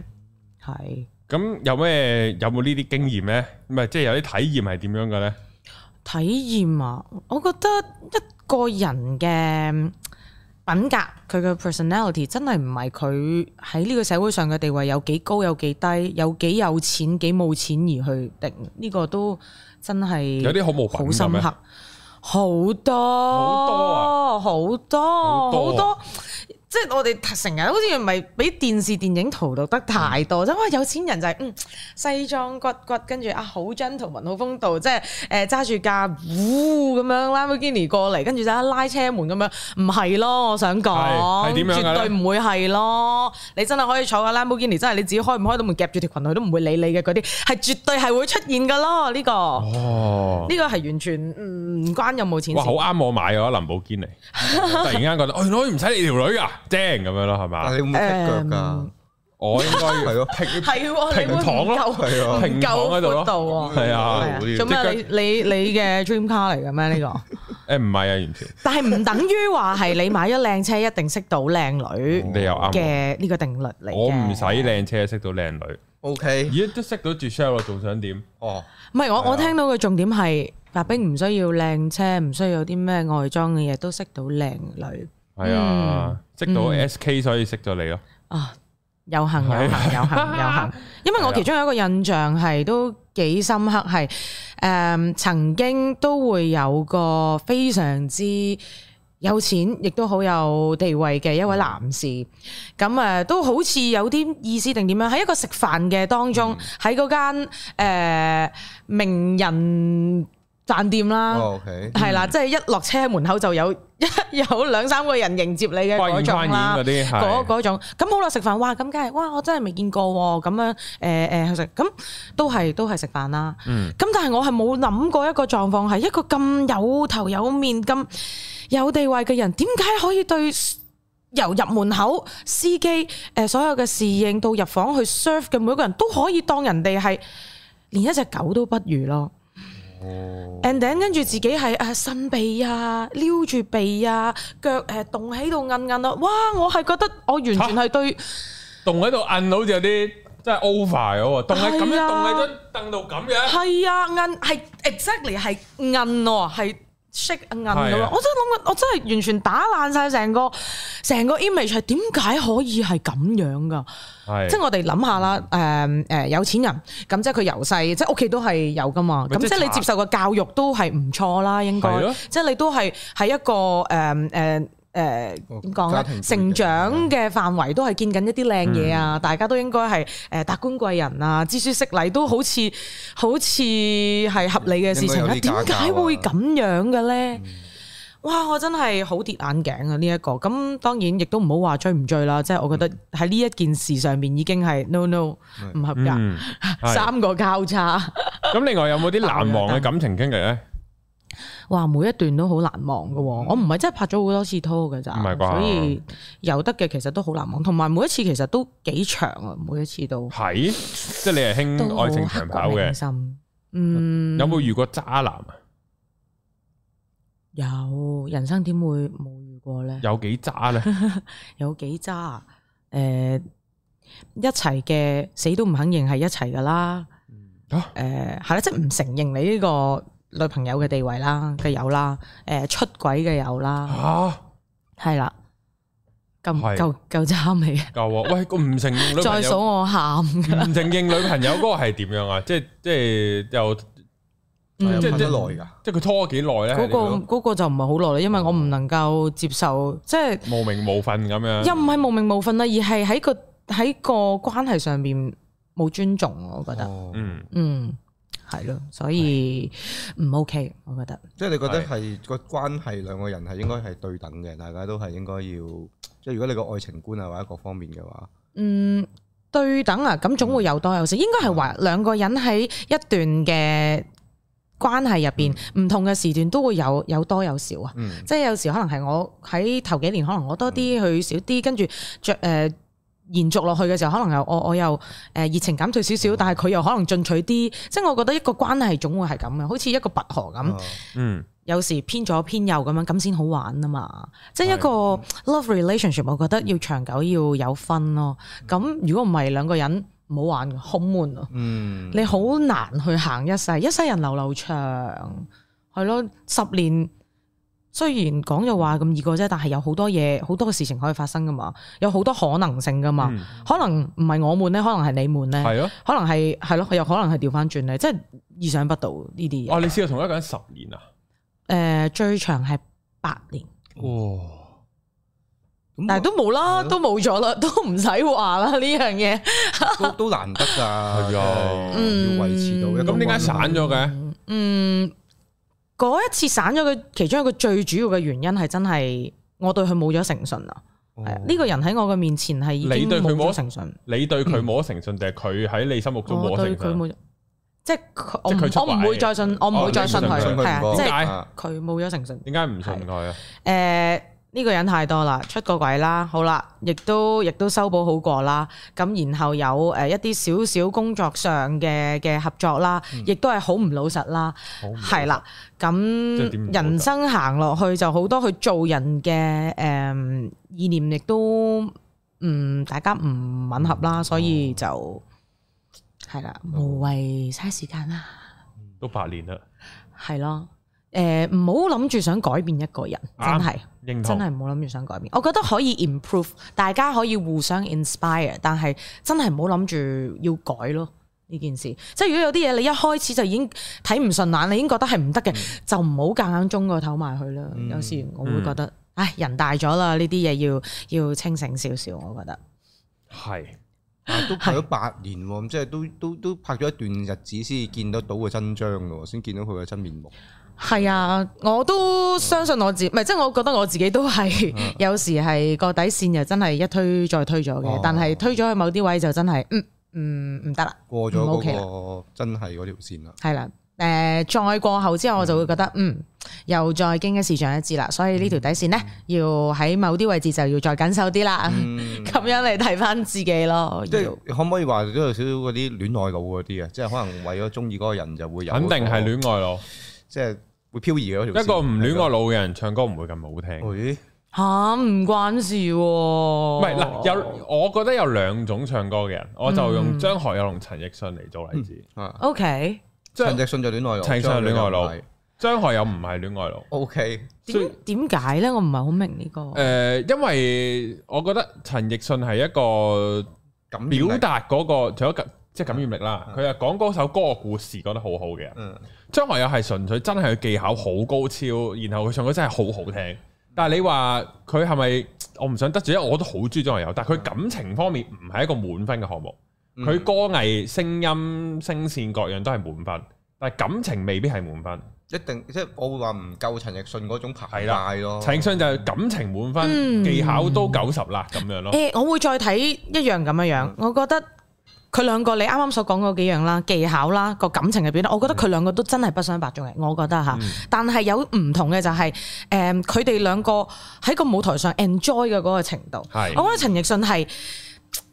[SPEAKER 2] 係是。
[SPEAKER 1] 咁有咩有冇呢啲經驗咧？唔係，即、就、係、是、有啲體驗係點樣嘅咧？
[SPEAKER 2] 體驗啊，我覺得一個人嘅。品格佢嘅 personality 真係唔係佢喺呢個社會上嘅地位有幾高有幾低有幾有錢幾冇錢而去定呢個，都真係有啲好冇品嘅咩？好深刻，好多好多好多好多。即係我哋成日好似唔係俾電視電影荼毒得太多啫。哇！有錢人就係、是、嗯，西裝骨骨，跟住啊好 gentleman，好風度，即係誒揸住架呼咁、呃、樣 Lamborghini 過嚟，跟住就一拉車門咁樣。唔係咯，我想講，樣絕對唔會係咯。你真係可以坐下 Lamborghini，真係你自己開唔開到門夾住條裙佢都唔會理你嘅嗰啲，係絕對係會出現噶咯。呢、這
[SPEAKER 3] 個呢、喔、個
[SPEAKER 2] 係完全唔、嗯、關有冇錢。好啱
[SPEAKER 1] 我買啊，林寶堅尼，突然間覺得原來唔使你條女啊～正咁樣咯，係嘛？你冇劈腳噶？我應該係咯，
[SPEAKER 2] 平係喎，平躺咯，平狗喺度咯，
[SPEAKER 1] 係啊。做咩？
[SPEAKER 2] 你你你嘅 dream car 嚟嘅咩？呢個
[SPEAKER 1] 誒唔係啊，完全。
[SPEAKER 2] 但係唔等於話係你買咗靚車一定識到靚女。你又啱嘅呢個定律嚟。我唔
[SPEAKER 1] 使靚車識到靚女。O K，而家都識到 Jushell 咯，仲想點？哦，
[SPEAKER 2] 唔係我我聽到嘅重點係，白兵唔需要靚車，唔需要有啲咩外裝嘅嘢，都識到靚女。係啊。
[SPEAKER 1] 識到 SK，所以識咗你咯、嗯。啊，
[SPEAKER 2] 有幸有幸有幸有幸，有幸有幸 因為我其中有一個印象係都幾深刻，係誒、呃、曾經都會有個非常之有錢，亦都好有地位嘅一位男士。咁誒、嗯呃、都好似有啲意思定點樣？喺一個食飯嘅當中，喺嗰、嗯、間、呃、名人飯店啦，係、oh, okay. 啦，嗯、即係一落車喺門口就有一有兩三個人迎接你嘅嗰種啦，嗰種。咁那是好啦，食飯，哇，咁梗係，哇，我真係未見過喎。咁樣誒誒去食，咁、呃呃、都係都係食飯啦。咁、嗯、但係我係冇諗過一個狀況係一個咁有頭有面、咁有地位嘅人，點解可以對由入門口司機誒、呃、所有嘅侍應到入房去 serve 嘅每個人都可以當人哋係連一隻狗都不如咯？And then，跟住自己係誒伸臂啊，撩住鼻啊，腳誒動喺度按按啊，哇！我係覺得我完全係對
[SPEAKER 1] 動喺度按，好似有啲真係 over 嘅，動喺咁樣動喺度蹬到咁嘅，係
[SPEAKER 2] 啊，按係 exactly 係按咯，係。識啊硬咁，我真係諗，我真係完全打爛晒成個成個 image，係點解可以係咁樣噶的即係我哋諗下啦，誒誒、嗯嗯嗯，有錢人咁即係佢由細即係屋企都係有噶嘛，咁是即係你接受嘅教育都係唔錯啦，應該，的即係你都係喺一個誒誒。嗯嗯誒點講咧？呃、成長嘅範圍都係見緊一啲靚嘢啊！嗯、大家都應該係誒、呃、達官貴人啊、知書識禮都好似好似係合理嘅事情啦、啊。點解會咁樣嘅咧？嗯、哇！我真係好跌眼鏡啊！呢、這、一個咁當然亦都唔好話追唔追啦。即係、嗯、我覺得喺呢一件事上面已經係 no no 唔是合格、嗯、 三個交叉。
[SPEAKER 1] 咁 另外有冇啲難忘嘅感情經歷咧？
[SPEAKER 2] 哇！每一段都好難忘噶喎，我唔係真係拍咗好多次拖㗎咋，吧所以有得嘅其實都好難忘。同埋每一次其實都幾長啊，每一次都係
[SPEAKER 1] 即係你係興愛情長跑嘅，心嗯。
[SPEAKER 2] 有冇
[SPEAKER 1] 遇過渣男啊？
[SPEAKER 2] 有，人生點會冇遇過咧？
[SPEAKER 1] 有幾渣咧？
[SPEAKER 2] 有幾渣？誒、呃、一齊嘅死都唔肯認係一齊噶啦。誒係啦，即係唔承認你呢、呢個。女朋友嘅地位啦，嘅有啦，誒出軌嘅有啦，吓係啦，咁夠夠渣未？
[SPEAKER 1] 夠啊！喂，佢唔承認女朋友再數我
[SPEAKER 2] 喊噶啦！
[SPEAKER 1] 唔承認女朋友嗰個係點樣啊？即係即係又即即耐噶？即係佢拖幾耐咧？嗰個
[SPEAKER 2] 嗰個就唔係好耐啦，因為我唔能夠接受，即係
[SPEAKER 1] 無名無份咁樣。又
[SPEAKER 2] 唔係無名無份啦，而係喺個喺個關係上邊冇尊重，我覺得，嗯嗯。係咯，的所以唔的 OK，我覺得。即係你覺得
[SPEAKER 4] 係個的關係，兩個人係應該係對等嘅，大家都係應該要。即係如果你個愛情觀啊，或者各方面嘅話，嗯，
[SPEAKER 2] 對等啊，咁總會有多有少，應該係話兩個人喺一段嘅關係入邊，唔的同嘅時段都會有有多有少啊。嗯、即係有時可能係我喺頭幾年可能我多啲佢少啲，嗯、跟住著誒。呃延續落去嘅時候，可能又我我又誒、呃、熱情減退少少，但係佢又可能進取啲，即係我覺得一個關係總會係咁嘅，好似一個拔河咁，哦嗯、有時偏左偏右咁樣，咁先好玩啊嘛！即係一個 love relationship，我覺得要長久、嗯、要有分咯。咁如果唔係兩個人唔好玩，好悶啊！
[SPEAKER 3] 嗯、你
[SPEAKER 2] 好難去行一世，一世人流流長，係咯，十年。雖然講就話咁易過啫，但係有好多嘢，好多嘅事情可以發生噶嘛，有好多可能性噶嘛，可能唔係我們咧，可能係你們咧，的可能係係咯，又可能係調翻轉嚟，即、就、係、是、意想不到呢啲，嘢。哦，你試過同一個人十年啊？誒、呃，最長係八年。哇、哦！但係都冇啦，都冇咗啦， 都唔使話啦呢樣嘢。
[SPEAKER 4] 都難得噶，係啊，要維持到。
[SPEAKER 2] 咁點解散咗嘅？嗯。嗯嗯嗯嗯嗰一次散咗佢，其中一個最主要嘅原因係真係我對佢冇咗誠信啦。係啊，呢個人喺我嘅面前係已經冇咗誠
[SPEAKER 1] 信。你對佢冇咗誠信，定係佢喺你心目中冇咗誠
[SPEAKER 2] 信？即係我我唔會再信，我唔會再信佢。係啊，即係佢冇咗誠信？點解唔信佢啊？誒。呢個人太多啦，出個軌啦，好啦，亦都亦都修補好過啦。咁然後有誒一啲少少工作上嘅嘅合作啦，嗯、亦都係好唔老實啦。係啦，咁了人生行落去就好多去做人嘅誒、嗯嗯、意念，亦都嗯大家唔吻合啦，嗯、所以就係啦、嗯，無謂嘥時間啦。
[SPEAKER 1] 都八年啦，
[SPEAKER 2] 係咯。誒，唔好諗住想改變一個人，真係認同，真係唔好諗住想改變。我覺得可以 improve，大家可以互相 inspire，但係真係唔好諗住要改咯呢件事。即係如果有啲嘢你一開始就已經睇唔順眼，你已經覺得係唔得嘅，嗯、就唔好夾硬中個頭埋去啦。嗯、有時我會覺得，嗯、唉，人大咗啦，呢啲嘢要要清醒少少。我覺得
[SPEAKER 4] 係、啊、都拍咗八年，咁是即係都都都拍咗一段日子先見得到個真章噶，先見到佢個真面目。
[SPEAKER 2] 係啊，我都相信我自己，唔係即係我覺得我自己都係有時係個底線又真係一推再推咗嘅，但係推咗去某啲位就真係，嗯嗯，唔得啦，過咗嗰個
[SPEAKER 4] 真係嗰條線啦。
[SPEAKER 2] 係啦，誒再過後之後我就會覺得，嗯又再經一事長一智啦，所以呢條底線呢，要喺某啲位置就要再緊守啲啦，咁樣嚟睇翻自己咯。即
[SPEAKER 4] 可唔可以話都有少少嗰啲戀愛佬嗰啲啊，即係可能為咗中意嗰個人就會有肯定係戀愛咯。即係會漂移嘅一條線。一個唔戀愛腦嘅人唱歌唔會咁好聽。咦？
[SPEAKER 2] 吓唔關事。唔係嗱，有
[SPEAKER 1] 我覺得有兩種唱歌嘅人，我就用張學友同陳奕迅嚟做例
[SPEAKER 4] 子。
[SPEAKER 2] OK，陳奕
[SPEAKER 4] 迅就戀愛腦，陳奕迅戀愛腦。張學友唔係戀愛腦。OK。
[SPEAKER 2] 點點解咧？我唔係好明呢個。
[SPEAKER 4] 誒，因為我覺得
[SPEAKER 1] 陳奕迅係一個咁表達嗰個，除咗。即係感染力啦，佢又講嗰首歌嘅故事講得好好嘅。嗯、張學友係純粹真係佢技巧好高超，然後佢唱歌真係好好聽。嗯、但係你話佢係咪？我唔想得罪，我都好中意張學友。但係佢感情方面唔係一個滿分嘅項目。佢、嗯、歌藝、聲音、
[SPEAKER 4] 聲線各樣都係滿分，但係感情未必係滿分。一定即係我會話唔夠陳奕迅嗰種排帶咯。陳奕
[SPEAKER 1] 迅就係感情滿分，嗯、技巧都九十啦咁樣
[SPEAKER 3] 咯。誒、嗯，
[SPEAKER 2] 我會再睇一樣咁樣樣，我覺得。佢兩個你啱啱所講嗰幾樣啦，技巧啦，個感情入邊啦，我覺得佢兩個都真係不相伯仲嘅，我覺得嚇。嗯、但係有唔同嘅就係、是，誒、呃，佢哋兩個喺個舞台上 enjoy 嘅嗰個程度，是，我覺得陳奕迅係。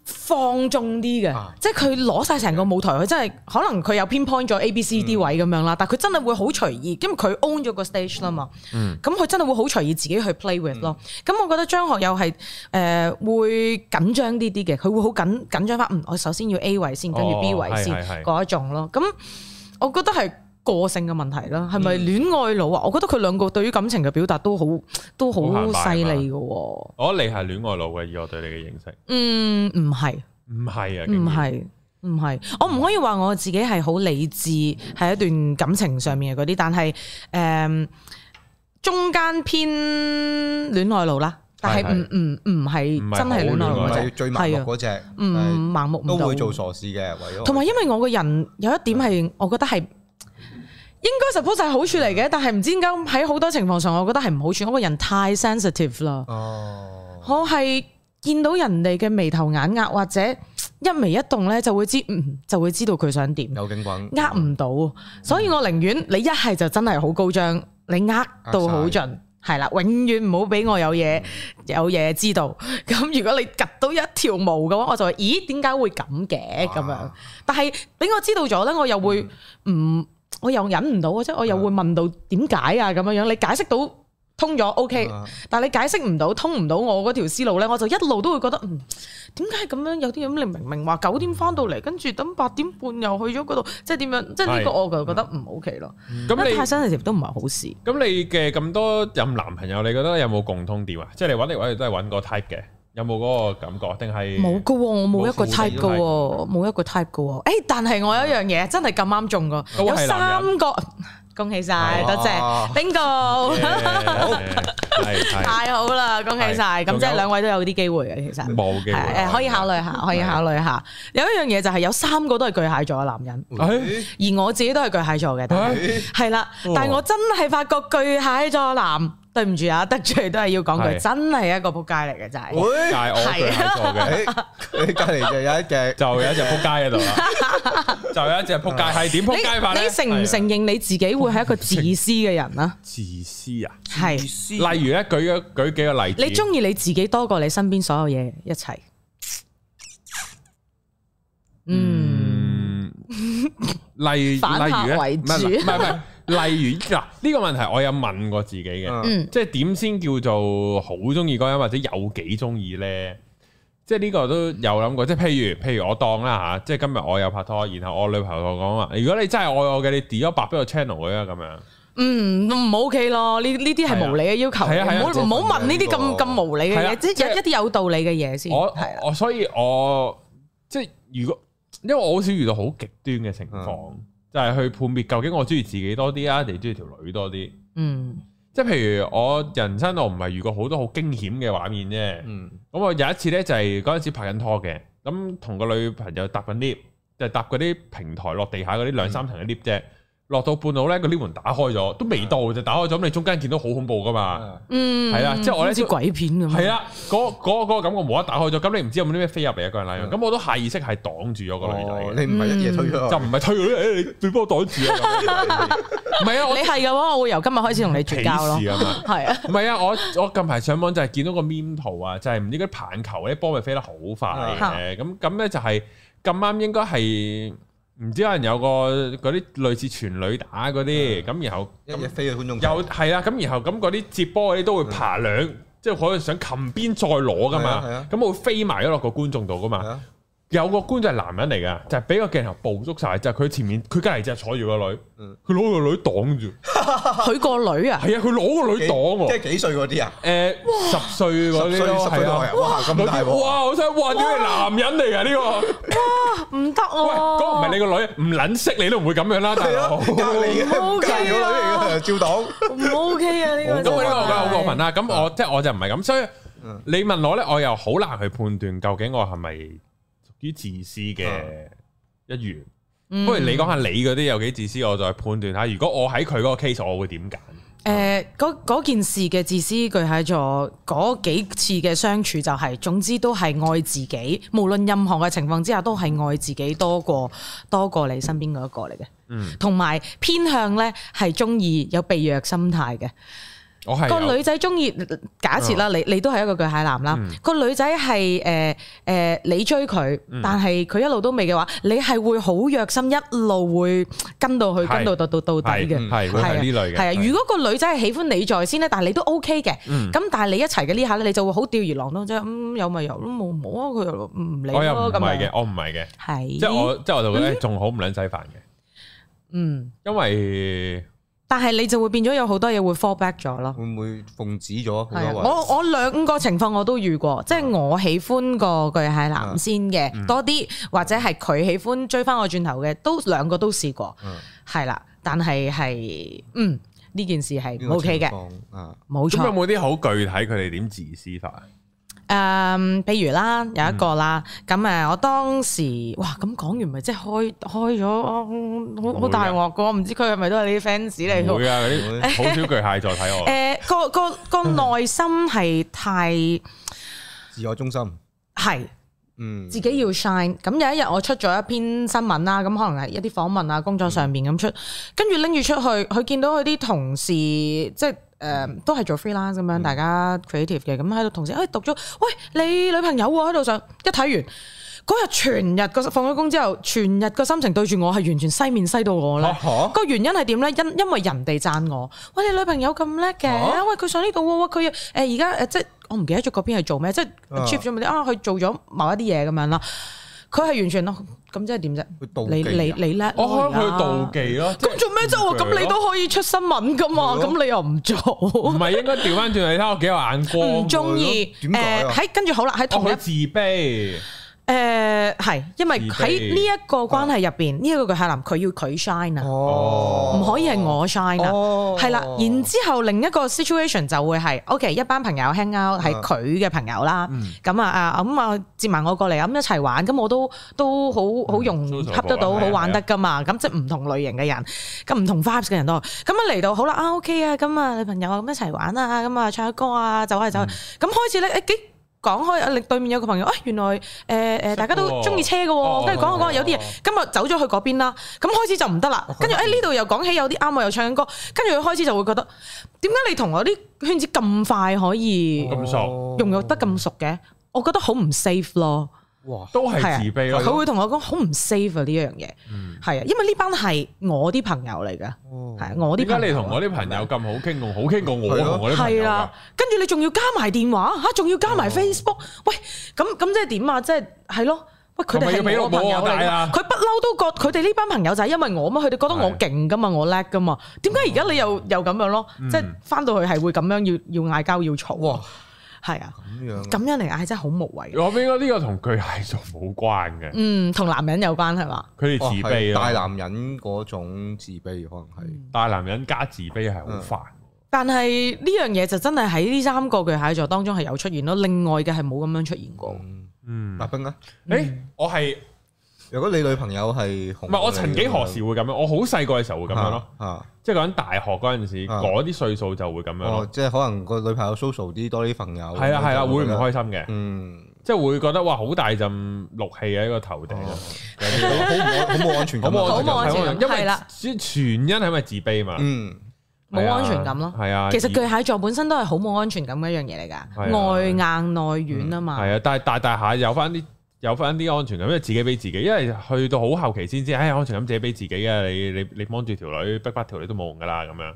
[SPEAKER 2] 放縱啲嘅，啊、即係佢攞晒成個舞台，佢、啊、真係可能佢有 pinpoint 咗 A、B、嗯、C、D 位咁樣啦，但係佢真係會好隨意，因為佢 own 咗個 stage 啦嘛。嗯，咁佢真係會好隨意自己去 play with 咯。咁、嗯、我覺得張學友係誒、呃、會緊張啲啲嘅，佢會好緊緊張翻。嗯，我首先要 A 位先，跟住 B 位先嗰、哦、一種咯。咁我覺得係。個性嘅問題啦，係咪戀愛腦啊？我覺得佢兩個對於感情嘅表達都好，都好犀利嘅。我覺得你係
[SPEAKER 1] 戀愛腦嘅，以我對你嘅認識，嗯，唔係，唔係啊，唔係，
[SPEAKER 2] 唔係，我唔可以話我自己係好理智喺一段感情上面嘅嗰啲，但係誒中間偏戀愛腦啦，但係唔唔唔係真係戀愛腦，最盲嗰隻，唔盲目唔都會做
[SPEAKER 4] 傻事嘅，同埋
[SPEAKER 2] 因為我個人有一點係，我覺得係。應該 suppose 係好處嚟嘅，但係唔知點解喺好多情況上，我覺得係唔好處。我、那個人太 sensitive 啦，哦、我係見到人哋嘅眉頭眼壓或者一眉一動咧，就會知、嗯，就會知道佢想點。有警棍，呃唔到，所以我寧願、嗯、你一係就真係好高張，你呃到好盡，係、啊曬嗯、啦，永遠唔好俾我有嘢有嘢知道。咁如果你及到一條毛嘅話，我就話咦，點解會咁嘅咁樣？但係俾我知道咗咧，我又會唔、嗯？我又忍唔到嘅啫，我又會問到點解啊咁樣樣，你解釋到通咗 OK，的但係你解釋唔到，通唔到我嗰條思路呢，我就一路都會覺得，嗯，點解係咁樣？有啲嘢，咁你明明話九點返到嚟，跟住等八點半又去咗嗰度，即係點樣？的即係呢個我就覺得唔 OK 咯。咁太新嘅條都唔係好事。咁你嘅
[SPEAKER 1] 咁多任男朋友，你覺得有冇共通點啊？即係你搵嚟搵去都係搵個 type 嘅。有冇嗰個感覺啊？定係冇嘅喎，我冇一個 type 嘅
[SPEAKER 2] 喎，冇一個 type 嘅喎。誒，但係我有一樣嘢真係咁啱中嘅，有三個，恭喜晒，多謝，bingo，太好啦，恭喜晒。咁即係兩位都有啲機會嘅，其實冇嘅，誒可以考慮下，可以考慮下。有一樣嘢就係有三個都係巨蟹座嘅男人，而我自己都係巨蟹座嘅，係啦，但係我真係發覺巨蟹座男。對唔住啊，得罪都係要講句，真係一個撲街嚟嘅就係。會，我喺度嘅，你隔
[SPEAKER 4] 籬就有一隻，就有一隻撲街喺度啦，就有一
[SPEAKER 1] 隻撲街係點撲街法咧？你承唔承
[SPEAKER 2] 認你自己會係一個自私嘅人啊？
[SPEAKER 1] 自私啊，係，例如咧，舉個舉幾個例子，你中
[SPEAKER 2] 意你自己多過你身邊所有嘢一齊。嗯，
[SPEAKER 1] 例例如咩？例如嗱，呢、啊這個問題我有問過自己嘅。嗯、即係點先叫做好中意嗰人，或者有幾中意咧？即係呢個都有諗過。即係譬如譬如我當啦吓，即係今日我有拍拖，然後我女朋友同我講話：如果你真係愛我嘅，你 drop 白兵個 channel 佢啊！咁樣，
[SPEAKER 2] 嗯，唔 OK 咯。呢呢啲係無理嘅要求，唔好唔好問呢啲咁咁無理嘅嘢，啊就是、即係一啲有道理嘅嘢
[SPEAKER 3] 先。
[SPEAKER 1] 我、啊、所以我即係如果，因為我好少遇到好極端嘅情況。嗯就係去判別究竟我中意自己多啲啊，定中意條女多啲。嗯，即係譬如我人生我唔係遇過好多好驚險嘅畫面啫。嗯，咁我有一次咧，就係嗰陣時拍緊拖嘅，咁同個女朋友搭緊 lift，就係搭嗰啲平台落地下嗰啲兩三層嘅 lift 啫。嗯嗯落到半路咧，個呢門打開咗，都未到就打開咗。咁你中間見到好恐怖㗎嘛？嗯，係
[SPEAKER 3] 啦。即係我咧，似鬼
[SPEAKER 1] 片咁。係啦，嗰個感覺冇得打開咗。咁你唔知有冇啲咩飛入嚟一個人拉人。咁我都下意識係擋住咗個女仔。
[SPEAKER 2] 你唔係一嘢推咗，就唔係推咗。誒，你幫我擋住啊！唔係啊，你係嘅話，我會由今日開始同你絕交咯。
[SPEAKER 1] 係啊，唔
[SPEAKER 3] 係
[SPEAKER 1] 啊，我我近排上網就係見到個面圖啊，就係唔知啲棒球啲波咪飛得好快嘅咁咁咧，就係咁啱應該係。唔知可能有個嗰啲類似全女打嗰啲，咁、嗯、然後又飛去觀眾，又係啦，咁、啊、然後咁嗰啲接波嗰啲都會爬兩，即係可能想擒邊再攞噶嘛，咁、啊啊、會飛埋咗落個觀眾度噶嘛。有個官就係男人嚟㗎，就係俾個鏡頭捕捉晒。就係佢前面佢隔離只坐住個女，佢攞個女擋住，
[SPEAKER 2] 佢個女啊，
[SPEAKER 1] 係啊，佢攞個女擋，即係幾歲嗰啲啊？誒，十歲嗰啲咯，係啊，哇，咁大喎！哇，我想係哇，原來男人嚟㗎呢個，哇，唔
[SPEAKER 2] 得喎！
[SPEAKER 3] 喂，嗰
[SPEAKER 1] 個唔係你個女，唔撚識你都唔會咁樣啦，大佬，教你嘅，教個女嚟照擋，唔 OK 啊呢個，咁你又咁過分啦？咁我即係我就唔係咁，所以你問我咧，我又好難去判斷究竟我係咪。於自私嘅一員，
[SPEAKER 3] 嗯、不如
[SPEAKER 2] 你講下你
[SPEAKER 1] 嗰啲有幾自私，我再判斷下。如果我喺佢嗰個 case，我會點揀？
[SPEAKER 2] 誒、呃，嗰件事嘅自私，佢喺座，嗰幾次嘅相處，就是，就係總之都係愛自己，無論任何嘅情況之下，都係愛自己多過多過你身邊嗰一個嚟嘅。嗯，同埋偏向咧係中意有被虐心態嘅。個女仔中意，假設啦，你你都係一個巨蟹男啦。個女仔係誒誒，你追佢，但係佢一路都未嘅話，你係會好虐心，一路會跟到去，跟到到到底嘅。係啊，如果個女仔係喜歡你在先呢，但係你都 OK 嘅。咁但係你一齊嘅呢下咧，你就會好吊兒郎當啫。有咪有冇冇啊？佢又唔理
[SPEAKER 1] 咯。咁唔係嘅，我唔係嘅。係即係我就覺得仲好唔撚使煩嘅。嗯，
[SPEAKER 2] 因為。但係你就會變咗有好多嘢會 fall back 咗
[SPEAKER 4] 咯，會唔會奉旨咗？係，我我
[SPEAKER 2] 兩個情況我都遇過，即係 我喜歡過巨蟹男先嘅 多啲，或者係佢喜歡追翻我轉頭嘅，都兩個都試過，係啦。 但係係嗯呢件事係 O K 嘅，
[SPEAKER 1] 啊冇錯。咁有冇啲好具體佢哋點自私法？
[SPEAKER 2] 誒，譬、um, 如啦，有一個啦，咁誒，我當時哇，咁講完咪即係開開咗，好好大鑊㗎，我唔知佢係咪都係你啲 fans 嚟？唔會㗎、啊，啲好少巨蟹在睇我、嗯。誒、呃，個個個內心係太自我中心，係，嗯，自己要 shine。咁有一日我出咗一篇新聞啦，咁可能係一啲訪問啊，工作上邊咁出，跟住拎住出去，佢見到佢啲同事即係。誒、嗯，都係做 freelance 咁樣，大家 creative 嘅，咁喺度同時，哎，讀咗，喂，你女朋友喎，喺度上，一睇完，嗰日全日個放咗工之後，全日個心情對住我係完全西面西到我咧，啊、個原因係點咧？因因為人哋讚我，喂，你女朋友咁叻嘅，啊、喂，佢上呢度，佢誒，而家誒，即係我唔記得咗嗰邊係做咩，即係 cheap 咗咪啲啊，佢、啊、做咗某一啲嘢咁樣啦，佢係完全咯。咁即係點啫？你你你叻，我去、哦、妒
[SPEAKER 1] 忌咯。咁
[SPEAKER 2] 做咩啫？咁你都可以出新聞噶嘛？咁了你又唔做？
[SPEAKER 1] 唔係應該調翻轉嚟睇我幾有眼光？唔中意。點解啊？喺跟住好啦，喺同、哦、自卑。
[SPEAKER 2] 誒係，因為喺呢一個關係入邊，呢一個佢係男，佢要佢 shine 啊，唔可以係我 shine 啊，係啦。然之後另一個 situation 就會係，OK，一班朋友 hang out 係佢嘅朋友啦。咁啊啊咁啊接埋我過嚟，咁一齊玩，咁我都都好好容易得到，好玩得㗎嘛。咁即係唔同類型嘅人，咁唔同 vibes 嘅人咯。咁啊嚟到好啦，啊 OK 啊，咁啊你朋友啊，咁一齊玩啊，咁啊唱下歌啊，走下走。咁開始咧，講開，阿你對面有個朋友，哎，原來誒誒、呃，大家都中意車嘅喎，跟住講講有啲人今日走咗去嗰邊啦，咁開始就唔得啦，跟住哎呢度又講起有啲啱，我又唱緊歌，跟住佢開始就會覺得，點解你同我啲圈子咁快可以咁、哦、熟，融入得咁熟嘅？我覺得好唔 safe 咯。
[SPEAKER 3] 都係自卑咯。佢會
[SPEAKER 2] 同我講好唔 safe 啊呢一樣嘢，係啊，因為呢班係我啲朋友嚟㗎，係我啲。而家你同我
[SPEAKER 1] 啲朋友咁好傾過，好傾過我啊，我啲朋友。係啦，
[SPEAKER 2] 跟住你仲要加埋電話，嚇，仲要加埋 Facebook。喂，咁咁即係點啊？即係係咯。喂，佢哋係咪我朋友嚟啊？佢不嬲都覺佢哋呢班朋友就係因為我啊嘛，佢哋覺得我勁㗎嘛，我叻㗎嘛。點解而家你又又咁樣咯？即係返到去係會咁樣要要嗌交要嘈。係啊，咁
[SPEAKER 3] 樣
[SPEAKER 2] 咁、啊、樣嚟嗌、啊、真係好無謂。我
[SPEAKER 1] 覺
[SPEAKER 4] 得呢個同巨蟹座冇關嘅，
[SPEAKER 2] 嗯，同男人有關係嘛？佢哋自、啊哦、
[SPEAKER 1] 自卑，大男
[SPEAKER 4] 人嗰種自卑可能係大男人加自卑係好煩。嗯、
[SPEAKER 2] 但係呢樣嘢就真係喺呢三個巨蟹座當中係有出現咯，另外嘅係冇咁樣出現過。
[SPEAKER 4] 嗯，阿斌啊，誒、欸，嗯、我係。如果你女朋友係唔係我，曾幾何時
[SPEAKER 1] 會咁樣？我好細個嘅時候會咁樣咯，即係講大學嗰陣時，嗰啲歲數就會咁樣咯。
[SPEAKER 4] 即係可能個女朋友 social 啲，多啲朋友。係啊係啊，會唔開心嘅。嗯，即係會
[SPEAKER 1] 覺得哇，好大陣氯氣喺個頭頂，好冇安全感，好冇安全感。因為啦，全因係咪自卑嘛？嗯，
[SPEAKER 3] 冇安全感咯。係啊，其實巨
[SPEAKER 1] 蟹
[SPEAKER 2] 座本身都係好冇安全感嘅一樣嘢嚟㗎，外硬內軟啊嘛。係
[SPEAKER 1] 啊，但係大大下有返啲。有翻啲安全感，因為自己俾自己，因為去到好後期先知，哎，安全感借俾自己啊！你你你幫住條女，逼巴條女都冇用噶啦，咁樣。咁、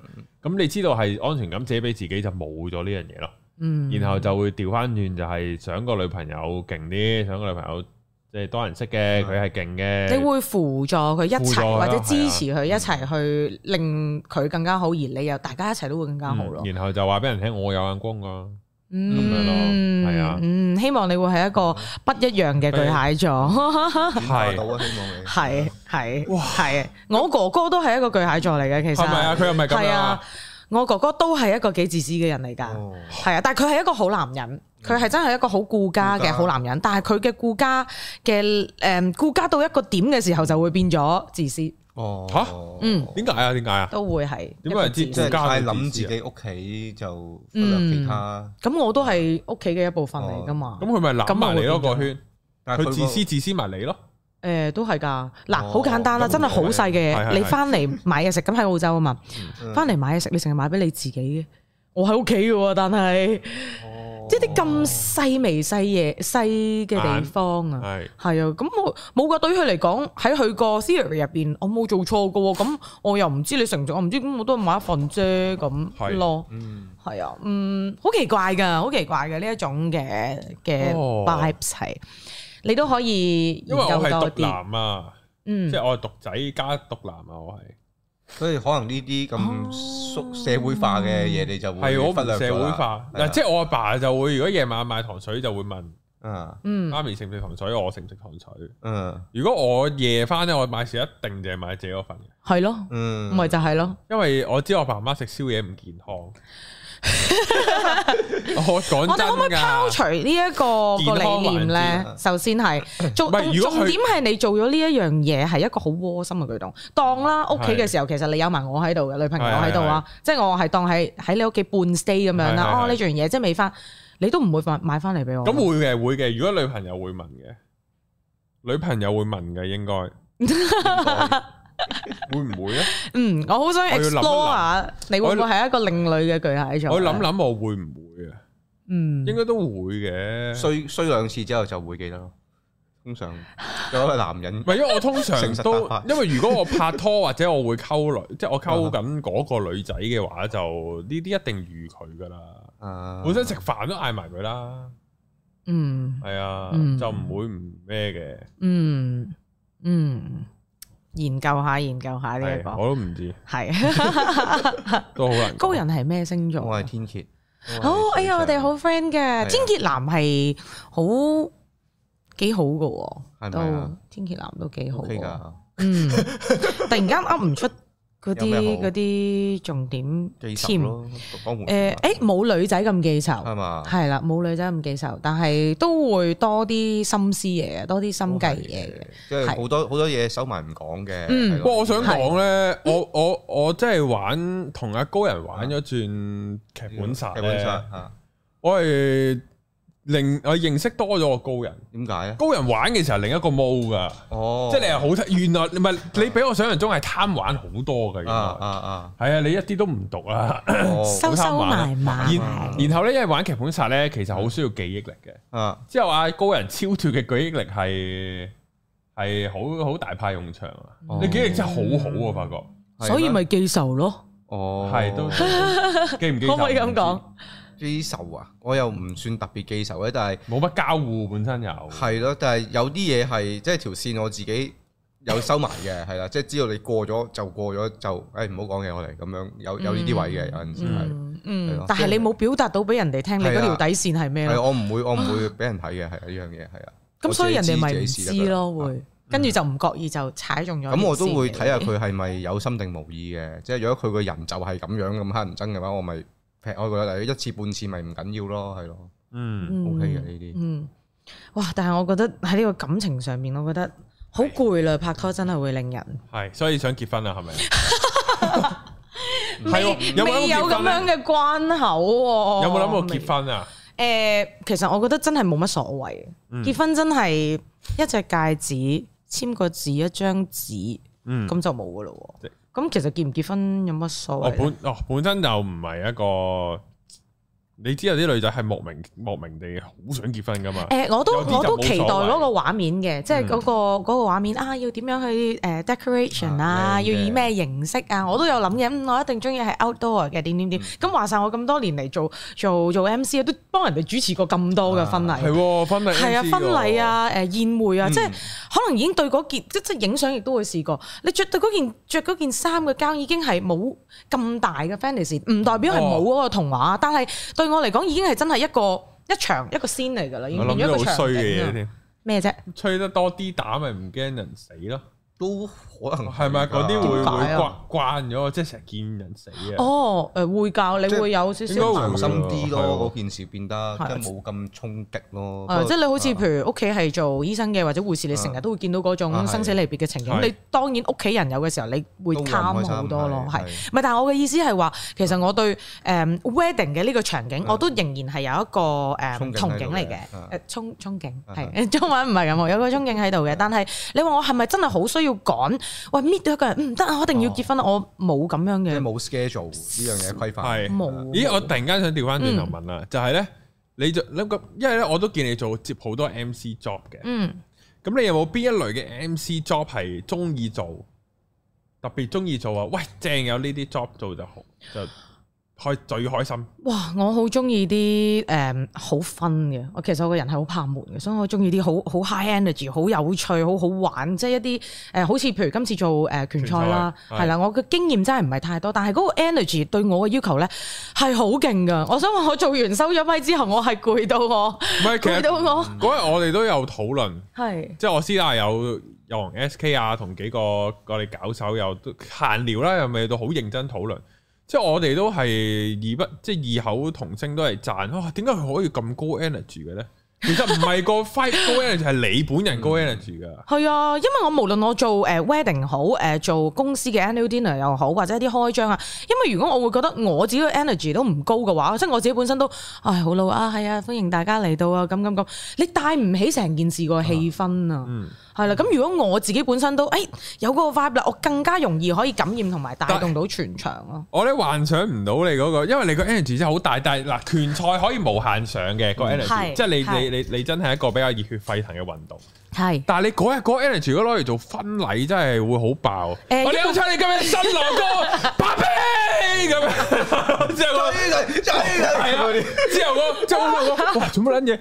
[SPEAKER 1] 嗯、你知道係安全感借俾自己，自己就冇咗呢樣嘢咯。嗯。然後就會調翻轉，就係想個女朋友勁啲，想個女朋友即係多人識嘅，佢係勁嘅。你會
[SPEAKER 2] 輔助佢一齊，或者支持佢一齊去令佢更加好，嗯、而你又大家一齊都會更加好咯、嗯。
[SPEAKER 1] 然後就話俾人聽，我有眼光㗎、啊。
[SPEAKER 2] 嗯，係啊，嗯，希望你會係一個不一樣嘅巨蟹座，係到啊，希
[SPEAKER 3] 望
[SPEAKER 2] 你係係，哇，係我哥哥都係一個巨蟹座嚟嘅，其實係咪啊？佢又唔係咁啊？我哥哥都係一個幾自私嘅人嚟噶，係、哦、啊，但係佢係一個好男人，佢係真係一個好顧家嘅好男人，但係佢嘅顧家嘅誒，顧家到一個點嘅時候就會變咗自私。
[SPEAKER 4] 哦，嚇，嗯，點解啊？點解啊？都會係點解？只只家諗自己屋企就
[SPEAKER 2] 忽略其他。咁我都係屋企嘅一部分嚟㗎嘛。咁佢咪攬埋你嗰個圈，
[SPEAKER 1] 但係佢自私自私埋你咯。
[SPEAKER 2] 誒，都係㗎。嗱，好簡單啦，真係好細嘅嘢。你翻嚟買嘢食，咁喺澳洲啊嘛。翻嚟買嘢食，你成日買俾你自己嘅。我喺屋企嘅，但係。即係啲咁細微細嘢細嘅地方啊，係啊，咁我冇噶。對於佢嚟講，喺佢個 theory 入邊，我冇做錯噶喎。咁我又唔知你成唔成，我唔知咁我都買一份啫咁咯。係、嗯、啊，嗯，好奇怪噶，好奇怪嘅呢一種嘅嘅 type 你都可以多，因為我係獨男啊，嗯，
[SPEAKER 4] 即係我係獨仔加獨男啊，我係。所以可能呢啲咁熟社會化嘅嘢，你就會忽略咗啦。
[SPEAKER 1] 嗱，的即係我阿爸，爸就會，如果夜晚買糖水就會問，嗯嗯，媽咪食唔食糖水，我食唔食糖水。嗯，如果我夜返咧，我買時一定就係買自己嗰份嘅。係咯的，嗯，咪就係咯，因為我知我爸爸媽媽食宵夜唔健康。嗯我講真，我哋可唔可以拋除呢一
[SPEAKER 2] 個個理念呢？首先係做重點係你做咗呢一樣嘢，係一個好窩心嘅舉動。當啦，屋企嘅時候，其實你有埋我喺度嘅女朋友喺度啊，即係我係當係喺你屋企半 stay 咁樣啦。哦，呢樣嘢即係未翻，你都唔會買買翻嚟俾我。咁
[SPEAKER 1] 會嘅，會嘅。如果女朋友會問嘅，女朋友會問嘅，應該。
[SPEAKER 4] 會唔會咧？
[SPEAKER 2] 嗯，我好想 explore，啊，你會唔會係一個另類嘅巨蟹座？
[SPEAKER 4] 我諗諗，我會唔會啊？嗯，應該都會嘅。衰衰兩次之後就會記得咯。通常作為一個男人，
[SPEAKER 3] 唔係因為我通常都，因為如果我拍
[SPEAKER 1] 拖或者我會溝女，即係我溝緊嗰個女仔嘅話，就呢啲一定預佢噶啦。本身食飯都嗌埋佢啦。
[SPEAKER 3] 嗯，
[SPEAKER 1] 係啊，就唔會唔咩嘅。嗯
[SPEAKER 2] 嗯。研究下研究下呢個，我都唔知。係，都好啦。高人係咩星座？我係天蠍。好，哎呀，我哋好 friend 嘅天蠍男係好幾好嘅喎，都天蠍男都幾好。真㗎？嗯，突然間噏唔出。 嗰啲啲重點，記仇咯，冇、欸、女仔咁記仇，係啦吧，冇女仔咁記仇，但係都會多啲心思嘢，多啲心計嘢
[SPEAKER 4] 嘅，即係好多好的多嘢收埋唔講嘅。
[SPEAKER 1] 不過、嗯的哦、我想講咧，我我我真係玩同阿高人玩咗轉劇本殺，嗯欸，劇本殺嚇，我、嗯、係。的令我認識多咗個高人，點解咧？高人玩嘅時候另一個 mode 噶，哦，即係你係好睇，原來唔係你比我想像中係貪玩好多嘅，啊啊啊！係啊，你一啲都唔讀啊，收收埋埋。然後咧，因為玩劇本殺咧，其實好需要記憶力嘅，啊，之後啊，高人超脫嘅記憶力係係好好大派用場啊！你記憶力真係好好喎，發覺，所
[SPEAKER 2] 以咪記仇咯，
[SPEAKER 4] 哦，
[SPEAKER 1] 係都
[SPEAKER 2] 記唔記仇？可唔可以咁講？
[SPEAKER 4] 記仇啊！我又唔算特別記仇嘅，但係冇乜交互本身有。係咯，但係有啲嘢係即係條線，我自己有收埋嘅，係啦，即係知道你過咗就過咗就，誒，唔好講嘢我哋咁樣有有呢啲位嘅，有陣時
[SPEAKER 2] 係。
[SPEAKER 4] 但係你
[SPEAKER 2] 冇表達到俾人哋聽，你嗰條底線係咩？係我唔會，我唔會
[SPEAKER 4] 俾人睇嘅，係呢樣嘢係啊。
[SPEAKER 2] 咁所以人哋咪唔知咯，會跟住就唔覺意就踩中咗。咁我都會睇下佢係
[SPEAKER 4] 咪有心定無意嘅，即係如果佢個人就係咁樣咁乞人憎嘅話，我咪。劈開佢，但係一次半次咪唔緊要咯，係咯，嗯，OK 嘅，呢啲，嗯，
[SPEAKER 2] 哇！但係我覺得喺呢個感情上面，我覺得好攰啦，拍拖真係會令人
[SPEAKER 4] 係，所以
[SPEAKER 1] 想結婚啦，係咪？未未有咁樣
[SPEAKER 2] 嘅關口，有冇諗過結婚啊？誒，其實我覺得真係冇乜所謂，結婚真係一隻戒指，簽個字，一張紙，嗯，咁就冇噶啦。咁其實結唔結婚有乜所謂哦？哦本
[SPEAKER 1] 哦本身就唔係一個。你知道啲女仔係莫名莫名地好想結婚噶嘛？誒，我都我都期待嗰個
[SPEAKER 2] 畫面嘅，即係嗰個嗰個畫面啊，要點樣去誒 decoration 啊？要以咩形式啊？我都有諗嘅，我一定中意係 outdoor 嘅點點點咁話晒。我咁多年嚟做做做 MC 都幫人哋主持過咁多嘅婚禮係喎婚禮係啊婚禮啊誒宴會啊，即係可能已經對嗰件即即影相亦都會試過。你着對嗰件着嗰件衫嘅間已經係冇咁大嘅 fantasy 唔代表係冇嗰個童話，但係對。對我嚟講，已經係真係一個一場一個先嚟噶啦，變咗一個場。咩啫？
[SPEAKER 1] 麼麼吹得多啲打咪唔驚人死咯，都。可能係咪嗰啲會會慣
[SPEAKER 4] 慣咗，即係成日見人死
[SPEAKER 1] 啊？
[SPEAKER 2] 哦，誒會教你會有少少良心啲咯，嗰
[SPEAKER 4] 件事變得冇咁衝擊咯。即係你好
[SPEAKER 2] 似譬如屋企係做醫生嘅或者護士，你成日都會見到嗰種生死離別嘅情景。你當然屋企人有嘅時候，你會慘好多咯。係，唔係？但係我嘅意思係話，其實我對誒 wedding 嘅呢個場景，我都仍然係有一個誒憧憬嚟嘅，憧憧憬係中文唔係咁，有個憧憬喺度嘅。但係你話我係咪真係好需要趕？喂，搣到一個人唔得啊！我一定要結婚，哦、我冇咁樣嘅，冇 schedule
[SPEAKER 4] 呢樣嘢規範，冇係。係嘅，咦，我突然
[SPEAKER 1] 間想調翻轉頭問啦，嗯、就係咧，你就諗咁，因為咧我都見你做接好多 MC job 嘅，
[SPEAKER 3] 嗯，
[SPEAKER 1] 咁你有冇邊一類嘅 MC job 係中意做，特別中意做啊？喂，正有呢啲 job 做就好就。開最開心！
[SPEAKER 2] 哇！我好中意啲誒，好分嘅。我其實我個人係好怕悶嘅，所以我中意啲好好 high energy、好有趣、好好玩，即係一啲誒、呃，好似譬如今次做誒、呃、拳賽啦，係啦賽的。我嘅經驗真係唔係太多，但係嗰個 energy 對我嘅要求咧係好勁嘅。我想話我做完收咗咪之後，我係攰到我，唔攰到我
[SPEAKER 1] 嗰日我哋都有討論，
[SPEAKER 3] 係
[SPEAKER 1] 即係我私底下有有同 SK 啊，同幾個我哋搞手又閒聊啦，又咪到好認真討論。即我哋都係異不，即異口同聲都係讚，哇、啊！點解佢可以咁高 energy 嘅咧？ 其實唔係個 five energy 係你本人個 energy 㗎、嗯，
[SPEAKER 2] 係啊，因為我無論我做誒 wedding 好，誒做公司嘅 annual dinner 又好，或者一啲開張啊，因為如果我會覺得我自己嘅 energy 都唔高嘅話，即、就、係、是、我自己本身都唉好老啊，係啊，歡迎大家嚟到啊，咁咁咁，你帶唔起成件事個氣氛啊，係啦、啊，咁、嗯、如果我自己本身都誒、哎、有個 vibe 啦，我更加容易可以感染同埋帶動到全場咯。
[SPEAKER 1] 我咧幻想唔到你嗰、那個，因為你個 energy 真係好大，但係嗱拳賽可以無限上嘅個 energy，即係你。你你真係一個比較熱血沸騰嘅運動。係，但係你嗰日嗰 energy 如果攞嚟做婚禮，真係會好爆。我哋好
[SPEAKER 3] 彩，你今日新郎哥大兵咁樣，即係話，即係嗰啲之後嗰個，之後嗰
[SPEAKER 2] 個，哇，做乜撚嘢？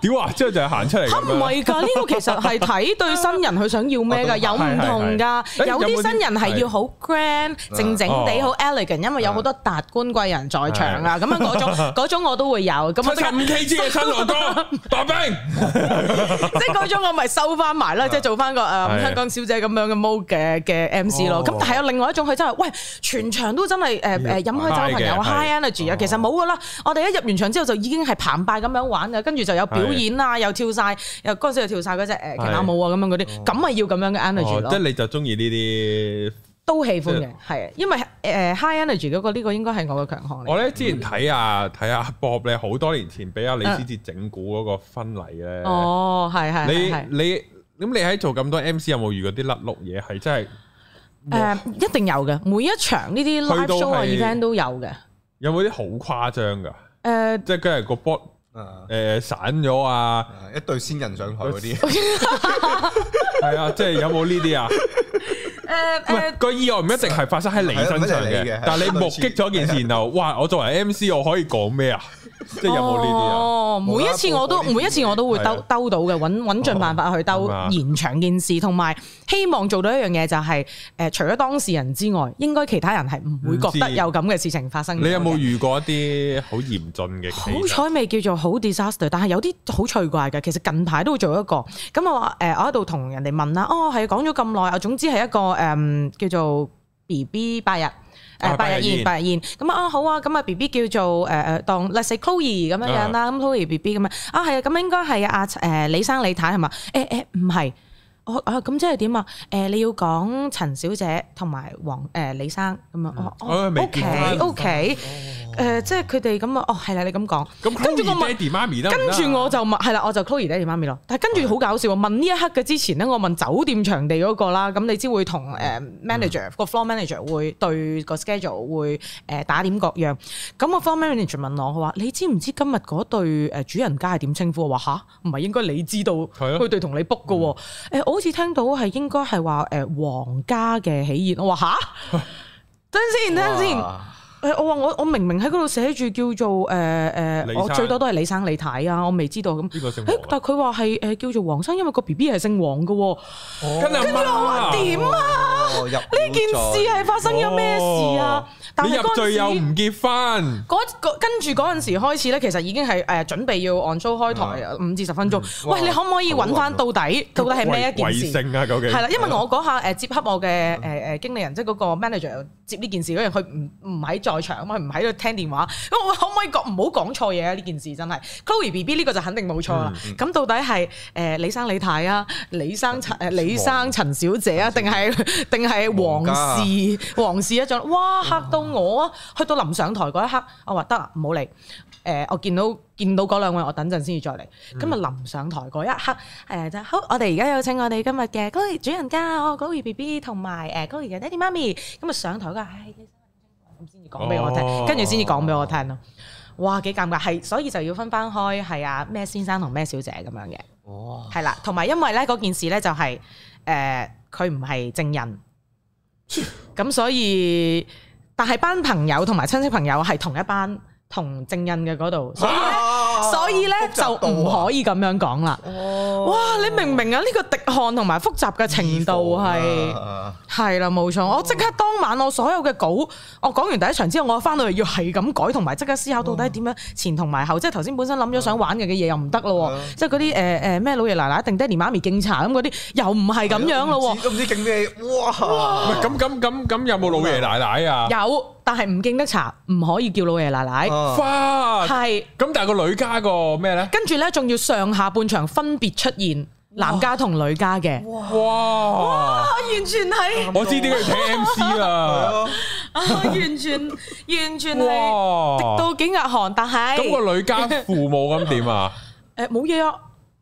[SPEAKER 1] 屌啊！之後就係行出嚟。嚇唔
[SPEAKER 2] 係㗎？呢個其實係睇對新人佢想要咩㗎，有唔同㗎。有啲新人係要好 grand、靜靜地、好 elegant，因為有好多達官貴人在場啊。咁樣嗰種嗰種我都會有。咁啊，五 K 字嘅新
[SPEAKER 3] 郎哥大兵，
[SPEAKER 2] 即係嗰種我咪。收翻埋啦，即係做翻個誒、呃、的香港小姐咁樣嘅 mode 嘅嘅 MC 咯。咁、哦、但係有另外一種，佢真係喂，全場都真係誒誒飲開酒朋友 high energy 啊！的其實冇噶啦，我哋一入完場之後就已經係澎湃咁樣玩嘅，跟住就有表演啊，的又跳晒，又嗰陣時又跳晒嗰隻誒旗艦舞啊咁的、哦、樣嗰啲，咁咪要咁樣嘅 energy 咯。哦、即係
[SPEAKER 1] 你就中意呢啲。
[SPEAKER 2] 都喜歡嘅，係啊，因為誒 high energy 嗰個呢個應該係我嘅強項。
[SPEAKER 1] 我咧之前睇啊睇阿 Bob 咧好多年前俾阿李思捷整蠱嗰個婚禮咧。哦，
[SPEAKER 2] 係係
[SPEAKER 1] 你你咁你喺做咁多 MC 有冇遇過啲甩碌嘢？係真
[SPEAKER 2] 係誒，一定有嘅。每一場呢啲 live show 啊 event 都有嘅。
[SPEAKER 1] 有冇啲好誇張噶？誒，即係佢係個 board 誒散咗啊！一對新人上去嗰啲，係啊，即係有冇呢啲啊？誒誒，啊啊那個意外唔一定係發生喺你身上嘅，理理但係你目擊咗件事，然後，哇！ 我作為 MC，我可以講咩啊？
[SPEAKER 2] 即係有冇呢啲啊？哦，每一次我都每一次我都會兜的兜到嘅，揾揾盡辦法去兜現場件事，同埋、哦、希望做到一樣嘢就係、是、誒、呃，除咗當事人之外，應該其他人係唔會覺得有咁嘅事情發生。你有冇
[SPEAKER 1] 遇過一啲好嚴峻嘅？好彩
[SPEAKER 2] 未叫做好 disaster，但係有啲好趣怪嘅。其實近排都會做一個，咁我話誒、呃、我喺度同人哋問啦，哦係講咗咁耐，總之係一個誒、嗯、叫做 B B 八日。誒白日宴，八日宴咁啊！好啊，咁啊 B B 叫做誒誒當 Let's say Chloe 咁樣、嗯、Chloe, BB，樣啦，咁 Chloe B B 咁啊，啊係啊，咁應該係阿誒李生李太係嘛？誒誒唔係，哦，啊咁即係點啊？誒、呃、你要講陳小姐同埋黃誒李生咁啊？哦、嗯、哦，O K O K。誒、呃，即係佢哋咁啊！哦，係啦，你咁講，嗯、跟住我問，
[SPEAKER 1] 爹哋媽咪啊、跟住我
[SPEAKER 2] 就問，係啦，我就 Chloe 爹哋媽咪咯。但係跟住好搞笑，問呢一刻嘅之前咧，我問酒店場地嗰、嗰個啦，咁你知會同誒 manager、嗯、個 floor manager 會對個 schedule 會誒打點各樣。咁、個 floor manager 問我，我話你知唔知今日嗰對主人家係點稱呼？我話吓，唔係應該你知道，佢哋同你 book 嘅。誒的、嗯欸，我好似聽到係應該係話誒皇家嘅喜宴。我話吓， 等陣先，等陣先。誒我話我我明明喺嗰度寫住叫做誒誒，我最多都係李生李太啊，我未知道咁。但係佢話係誒叫做黃生，因為個 B B 係姓黃嘅喎。跟住我話點啊？
[SPEAKER 3] 呢件事係發生咗
[SPEAKER 2] 咩事啊？你入罪又唔結婚？跟住嗰陣時開始咧，其實已經係誒準備要 on show 開台五至十分鐘。喂，你可唔可以揾翻到底到底係咩一件事？係啦，因為我講下誒接洽我嘅誒誒經理人，即係嗰個 manager。接呢件事嗰樣，佢唔唔喺在場啊嘛，佢唔喺度聽電話。咁我可唔可以講唔好講錯嘢啊？呢件事真係 Chloe BB 呢個就肯定冇錯啦。咁、嗯、到底係誒、呃、李生李太啊，李生陳誒、嗯、李生陳小姐啊，定係定係黃王氏黃家王氏一眾？哇，嚇到我啊！去、嗯、到臨上台嗰一刻，我話得啦，唔好嚟。誒，我見到見到嗰兩位，我等陣先至再嚟。今日臨上台嗰一刻，誒就好。我哋而家有請我哋今日嘅高兒主人家，高兒 B B 同埋誒高兒嘅 daddy 媽咪。咁啊上台嘅，誒先生咁先至講俾我聽，跟住先至講俾我聽咯。哇，幾尷尬，係所以就要分翻開，係啊咩先生同咩小姐咁樣嘅。哦，係啦，同埋因為咧嗰件事咧就係誒佢唔係證人，咁所以但係班朋友同埋親戚朋友係同一班。同正印嘅嗰度。所以所以咧就唔可以咁樣講啦。哦、哇，你明唔明、這個、啊？呢個敵漢同埋複雜嘅程度係係啦，冇錯。我即刻當晚我所有嘅稿，我講完第一場之後，我翻到嚟要係咁改，同埋即刻思考到底點樣前同埋後。即係頭先本身諗咗想玩嘅嘅嘢又唔得咯。啊啊、即係嗰啲誒誒咩老爺奶奶，定爹哋媽咪敬茶咁嗰啲，又唔係咁樣咯。
[SPEAKER 4] 都唔知敬咩？哇！咁咁
[SPEAKER 1] 咁咁有冇老爺奶奶啊？有，
[SPEAKER 2] 但係唔敬得茶，唔可以叫老爺奶奶。花係、啊。咁的但係個女家個。哦咩咧？呢跟住咧，仲要上下半場分別出現哇男家同女家嘅。哇，哇完全係，我知點去聽 MC 哇 啊？完全完全係，哇直到幾日寒，但係咁個女家
[SPEAKER 1] 父母咁點啊？
[SPEAKER 2] 誒、 呃，冇嘢啊。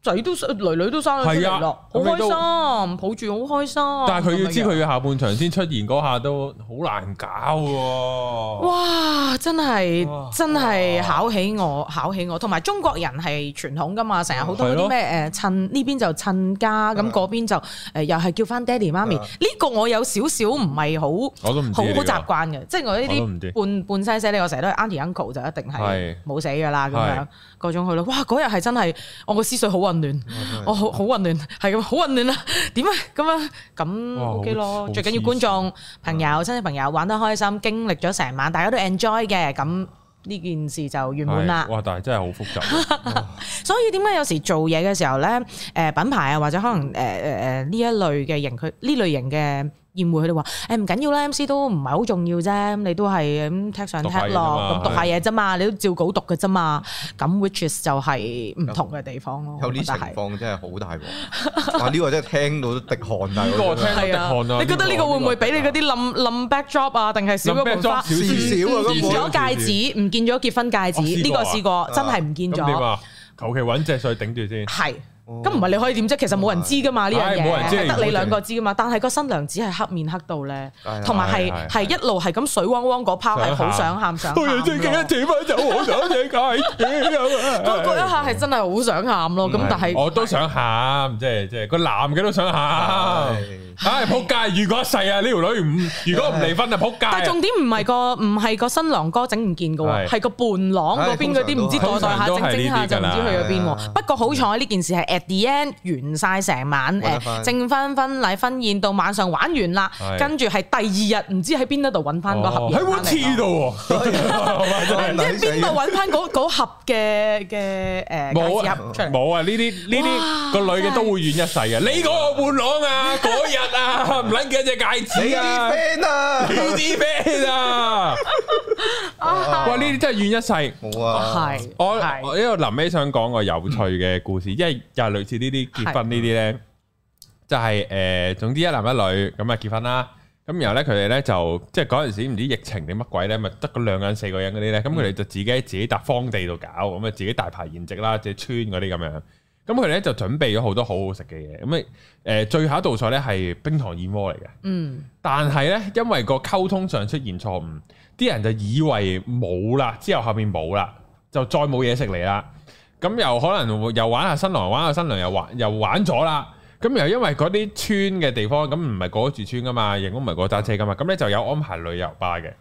[SPEAKER 2] 仔都女女都生咗出嚟咯，好開心，抱住好開心。但係佢要知佢要
[SPEAKER 1] 下半場先出現嗰下都好難搞
[SPEAKER 2] 哇！真係真係考起我，考起我。同埋中國人係傳統噶嘛，成日好多啲咩誒趁呢邊就趁家，咁嗰、嗯、邊就誒、呃嗯、又係叫翻爹哋媽咪。呢、嗯、個我有少少唔係、嗯、好，我都唔好習慣嘅。即係我呢啲半半細細咧，我成日都 auntie uncle 就一定係冇死噶啦咁樣嗰是、嗯、種去咯。哇！嗰日係真係我個思緒好混亂，我、嗯哦、好好混亂，係咁好混亂啦、啊。點 啊咁啊咁，O K 咯。好最緊要觀眾、朋友、親的戚朋友玩得開心，經歷咗成晚，大家都 enjoy 嘅，咁呢件事就圓滿啦。哇！
[SPEAKER 1] 但係真係好複雜、啊，
[SPEAKER 2] 哇所以點解有時做嘢嘅時候咧，誒、呃，品牌啊，或者可能誒誒誒呢一類嘅型，佢呢類型嘅。宴會佢哋話，誒唔緊要啦，MC 都唔係好重要啫，咁你都係咁踢上踢落，咁讀下嘢啫嘛，你都照稿讀嘅啫嘛。咁 which is 就係唔同嘅地方咯。有啲情
[SPEAKER 4] 況真係好大鑊，啊呢個真係聽到都滴汗。呢個聽到滴汗啊！你覺得呢個會唔會
[SPEAKER 2] 俾你嗰啲冧冧 backdrop 啊？定係少咗個花？少咗戒指，唔見咗結婚戒指。呢個試過真係唔見咗。
[SPEAKER 1] 求其揾隻錶頂住先。係。
[SPEAKER 2] 咁唔係你可以點啫？其實冇人知噶嘛，呢樣嘢冇人知，得你兩個知噶嘛。但係個新娘子係黑面黑到咧，同埋係係一路係咁水汪汪嗰拍，係好想喊上。我哋最近
[SPEAKER 3] 點啊？我想
[SPEAKER 1] 嘅，
[SPEAKER 2] 點啊？嗰嗰一刻係真係好想喊咯。咁但係我
[SPEAKER 1] 都想喊，即係即係個男嘅都想喊。唉，仆街！如果一世啊，呢條女唔如果唔離婚就仆街。但重
[SPEAKER 2] 點唔係個唔係個新郎哥整唔見噶，係個伴郎嗰邊嗰啲唔知代代下、整整下就唔知去咗邊。不過好彩呢件事係 at the end 完晒成晚誒，證婚、婚禮、婚宴到晚上玩完啦，跟住係第二日唔知喺邊一度搵翻個盒。喺 w h 度，唔
[SPEAKER 1] 知邊度搵
[SPEAKER 3] 翻
[SPEAKER 2] 嗰嗰盒嘅嘅誒，冇
[SPEAKER 1] 啊呢啲呢啲個女嘅都會怨一世啊！你嗰個伴郎啊，嗰日。啊！唔撚見隻戒指啊！U D Band 啊！U D Band 啊！
[SPEAKER 3] 哇！
[SPEAKER 1] 呢啲真係怨一世。哇！係我我呢度臨尾想講個有趣嘅故事，因為又係類似呢啲結婚呢啲咧，就係誒，總之一男一女咁啊結婚啦。咁然後咧，佢哋咧就即係嗰陣時唔知疫情定乜鬼咧，咪得個兩個人四個人嗰啲咧。咁佢哋就自己喺自己笪荒地度搞，咁啊自己大排筵席啦，即係村嗰啲咁樣。咁佢咧就準備咗好多好好食嘅嘢，咁誒最後一道菜咧係冰糖燕窩嚟嘅，
[SPEAKER 3] 嗯，
[SPEAKER 1] 但係咧因為個溝通上出現錯誤，啲人就以為冇啦，之後後面冇啦，就再冇嘢食嚟啦，咁又可能又玩下新郎，玩下新娘，又玩又玩咗啦，咁又因為嗰啲村嘅地方咁唔係個住村噶嘛，亦都唔係個揸車噶嘛，咁咧就有安排旅遊巴嘅，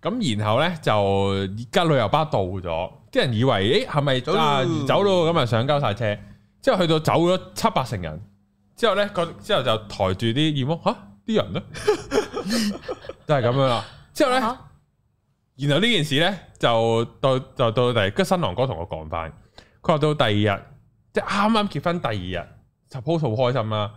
[SPEAKER 1] 咁然後咧就而家旅遊巴到咗。啲人以為，誒，係咪走咗走咗咁啊？上交晒車，之後去到走咗七八成人，之後咧個之後就抬住啲驗屋吓啲人咧，啊、人呢 就係咁樣啦。之後咧，啊、哈然後呢件事咧就到就到第二，跟新郎哥同我講翻，佢話到第二日即係啱啱結婚第二日，就鋪頭、e、開心啦、啊，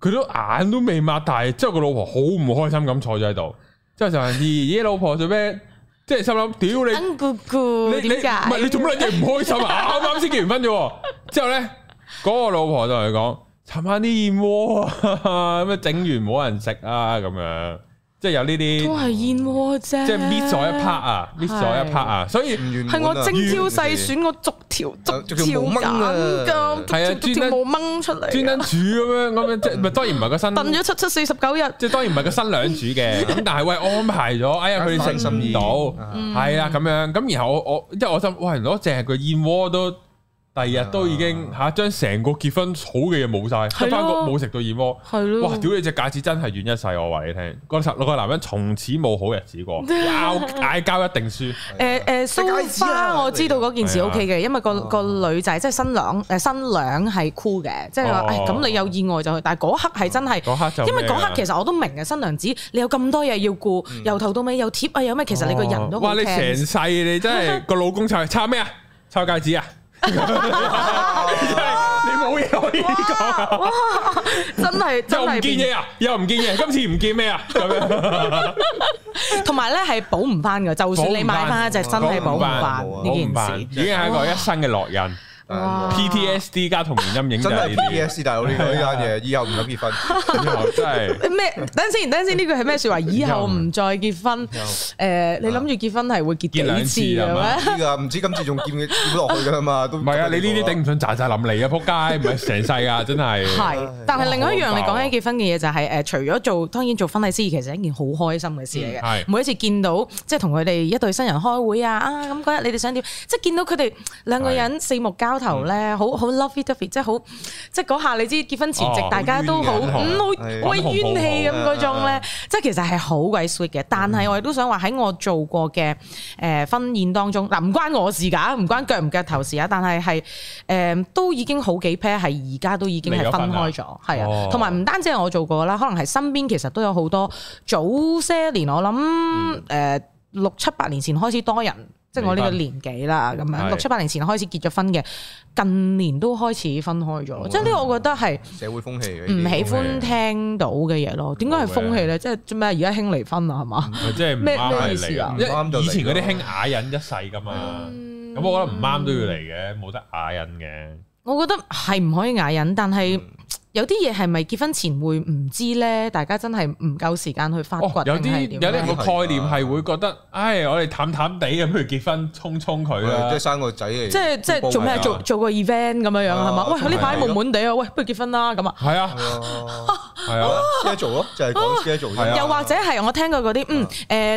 [SPEAKER 1] 佢都眼都未擘大，之後個老婆好唔開心咁坐咗喺度，之後就話咦咦、欸、老婆做咩？即係心諗，屌、嗯、你，嗯、你、嗯、你唔係、嗯、你做乜嘢唔開心 啊？啱啱先結完婚啫，之後咧，嗰、那個老婆就同佢講：尋晚啲燕窩，咁 整完冇人食啊？咁樣。即係有呢啲，都係
[SPEAKER 2] 燕窩啫，即係搣咗一 part 啊，搣咗一 part
[SPEAKER 1] 啊，所以係我精挑細選，
[SPEAKER 2] 我逐條
[SPEAKER 1] 逐條揀，係啊，專登冇
[SPEAKER 2] 掹出嚟，專
[SPEAKER 1] 登煮咁樣咁樣，即係當然唔係個新郎燉咗七七四十九日，即係當然唔係個新娘煮嘅，但係喂，我安排咗，哎呀佢哋食唔到，係啊咁樣，咁然後我我即係我就喂，原來淨係個燕窩都。第二日都已經嚇，將成個結婚好嘅嘢冇晒，出翻國冇食到燕窩，哇！屌你隻戒指真係怨一世，我話你聽，嗰個男男人從此冇好日子過，嗌交一定輸。
[SPEAKER 3] 誒誒，我
[SPEAKER 2] 知道嗰件事 O K 嘅，因為個個女仔即係新娘誒新娘係 cool 嘅，即係話咁你有意外就去，但係嗰刻係真係，因為嗰刻其實我都明嘅，新娘子你有咁多嘢要顧，由頭到尾又貼啊又咩，其實你個人都哇你成世
[SPEAKER 1] 你真係個老公抄抄咩啊？抄戒指啊！
[SPEAKER 3] 是哇你冇嘢可以講，真係真係唔見嘢 啊，
[SPEAKER 1] 又唔見嘢，今次唔見咩啊？
[SPEAKER 2] 同埋咧係補唔翻噶，就算你買翻一隻身體補唔翻呢件事，已經係一個一
[SPEAKER 1] 生嘅烙印。P.T.S.D. 加童年陰影，真係 P.T.S.D. 大佬呢
[SPEAKER 4] 個呢單嘢，以後唔敢結婚，
[SPEAKER 1] 真係
[SPEAKER 2] 咩？等先，等先，呢句係咩説話？以後唔再結婚，誒，你諗住結婚係會結幾次？唔知㗎，
[SPEAKER 4] 唔知
[SPEAKER 1] 今次仲見唔見到落去㗎啦嘛？都唔係啊！你呢啲頂唔順，喳喳淋嚟嘅，撲街唔係成世㗎，真
[SPEAKER 3] 係係。但係另外一樣你講緊
[SPEAKER 2] 結婚嘅嘢就係誒，除咗做當然做婚禮司儀其實係一件好開心嘅事嚟嘅，係每一次見到即係同佢哋一對新人開會啊，啊咁嗰日你哋想點？即係見到佢哋兩個人四目交頭咧好好 lovely dovey 即係好，即係嗰下你知結婚前夕大家都好，唔好喂冤氣咁嗰種咧，即係其實係好鬼 sweet 嘅。但係我亦都想話喺我做過嘅誒婚宴當中，嗱唔關我事㗎，唔關腳唔腳頭事啊。但係係誒都已經好幾 pair 係而家都已經係分開咗，係啊。同埋唔單止係我做過啦，可能係身邊其實都有好多早些年我諗誒六七八年前開始多人。即係我呢個年紀啦，咁分樣是六七八年前開始結咗婚嘅，近年都開始分開咗。嗯、即係呢個，我覺得係社會風氣，唔喜歡聽到嘅嘢咯。點解係風氣咧？即係做咩？而家興離婚啊，係嘛？即係
[SPEAKER 1] 咩咩意思啊？唔啱以前嗰啲興啞忍一世噶嘛，咁我覺得唔啱都要離嘅，冇得啞忍嘅。
[SPEAKER 2] 我覺得係唔可以啞忍，但係。嗯有啲嘢係咪結婚前會唔知咧？大家真係唔夠時間去發掘。有啲有啲人個概
[SPEAKER 1] 念係會覺得，唉，我哋淡淡地啊，不如結婚沖沖佢啦，
[SPEAKER 4] 即係生個仔嚟。
[SPEAKER 1] 即係即係做咩？做
[SPEAKER 2] 做個 event 咁樣樣係嘛？喂，佢呢排悶悶地啊，喂，不如結婚啦咁啊。
[SPEAKER 4] 係啊，係啊咯，就係講又或
[SPEAKER 2] 者係我聽過嗰啲，嗯，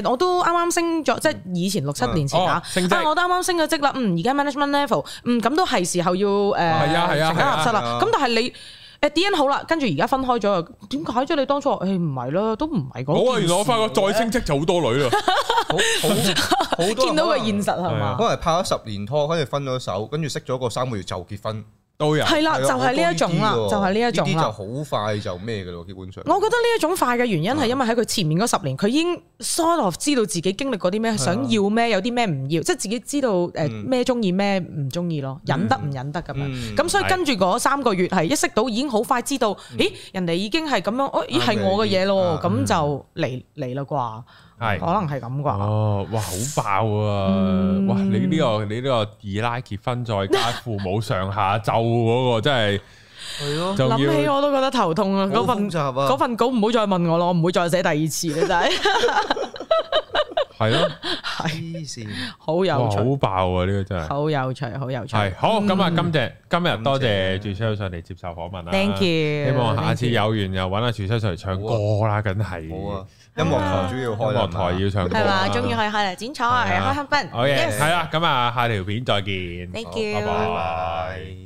[SPEAKER 2] 誒，我都啱啱升咗，即係以前六七年前啊，升職，我都啱啱升咗職啦，嗯，而家 management level，嗯，咁都係時候要誒，係啊係啊，成家立室啦。咁但係你。誒，啲人好啦，跟住而家分開咗，點解啫？你當初誒唔係啦，都唔係講。好啊，原來我發覺再
[SPEAKER 4] 升職就好多女啦， 好，
[SPEAKER 2] 好多見到個現實係嘛？可
[SPEAKER 4] 能，吧可能拍咗十年拖，跟住分咗手，跟住識咗個三個月就結婚。係啦，了就係呢一種啦，哦、就係呢一種啦。就好快就咩嘅咯，基本上。我
[SPEAKER 2] 覺得呢一種快嘅原因係因為喺佢前面嗰十年，佢已經 sort of 知道自己經歷過啲咩，的想要咩，有啲咩唔要，即係自己知道誒咩中意咩唔中意咯，嗯、忍得唔忍得咁樣。
[SPEAKER 3] 咁、嗯、所以跟
[SPEAKER 2] 住嗰三個月係一識到已經好快知道，嗯、咦人哋已經係咁樣，咦係我嘅嘢咯，咁、嗯、就嚟嚟啦啩。
[SPEAKER 1] 係可能係咁啩哦。哇，好爆啊！哇，你呢個你呢個二奶結婚，再加父母上下晝嗰個真係係咯。諗起我
[SPEAKER 2] 都覺得頭痛啊！嗰份嗰份稿唔好再問我啦，我唔會再寫第二次啦，真係係咯，係好有趣，好
[SPEAKER 1] 爆啊！呢個真係
[SPEAKER 2] 好有趣，好有趣。係好
[SPEAKER 1] 咁啊！今謝今日多謝柱超上嚟接受訪問啊！Thank you，希望下次有緣又揾阿柱超上嚟唱歌啦，梗係啊、音樂台主要開，啊、音樂台要唱歌，係嘛、啊？仲 要去
[SPEAKER 2] 開嚟剪彩，開香檳。係
[SPEAKER 1] 啦，咁啊，下條片再見。Thank you，拜拜。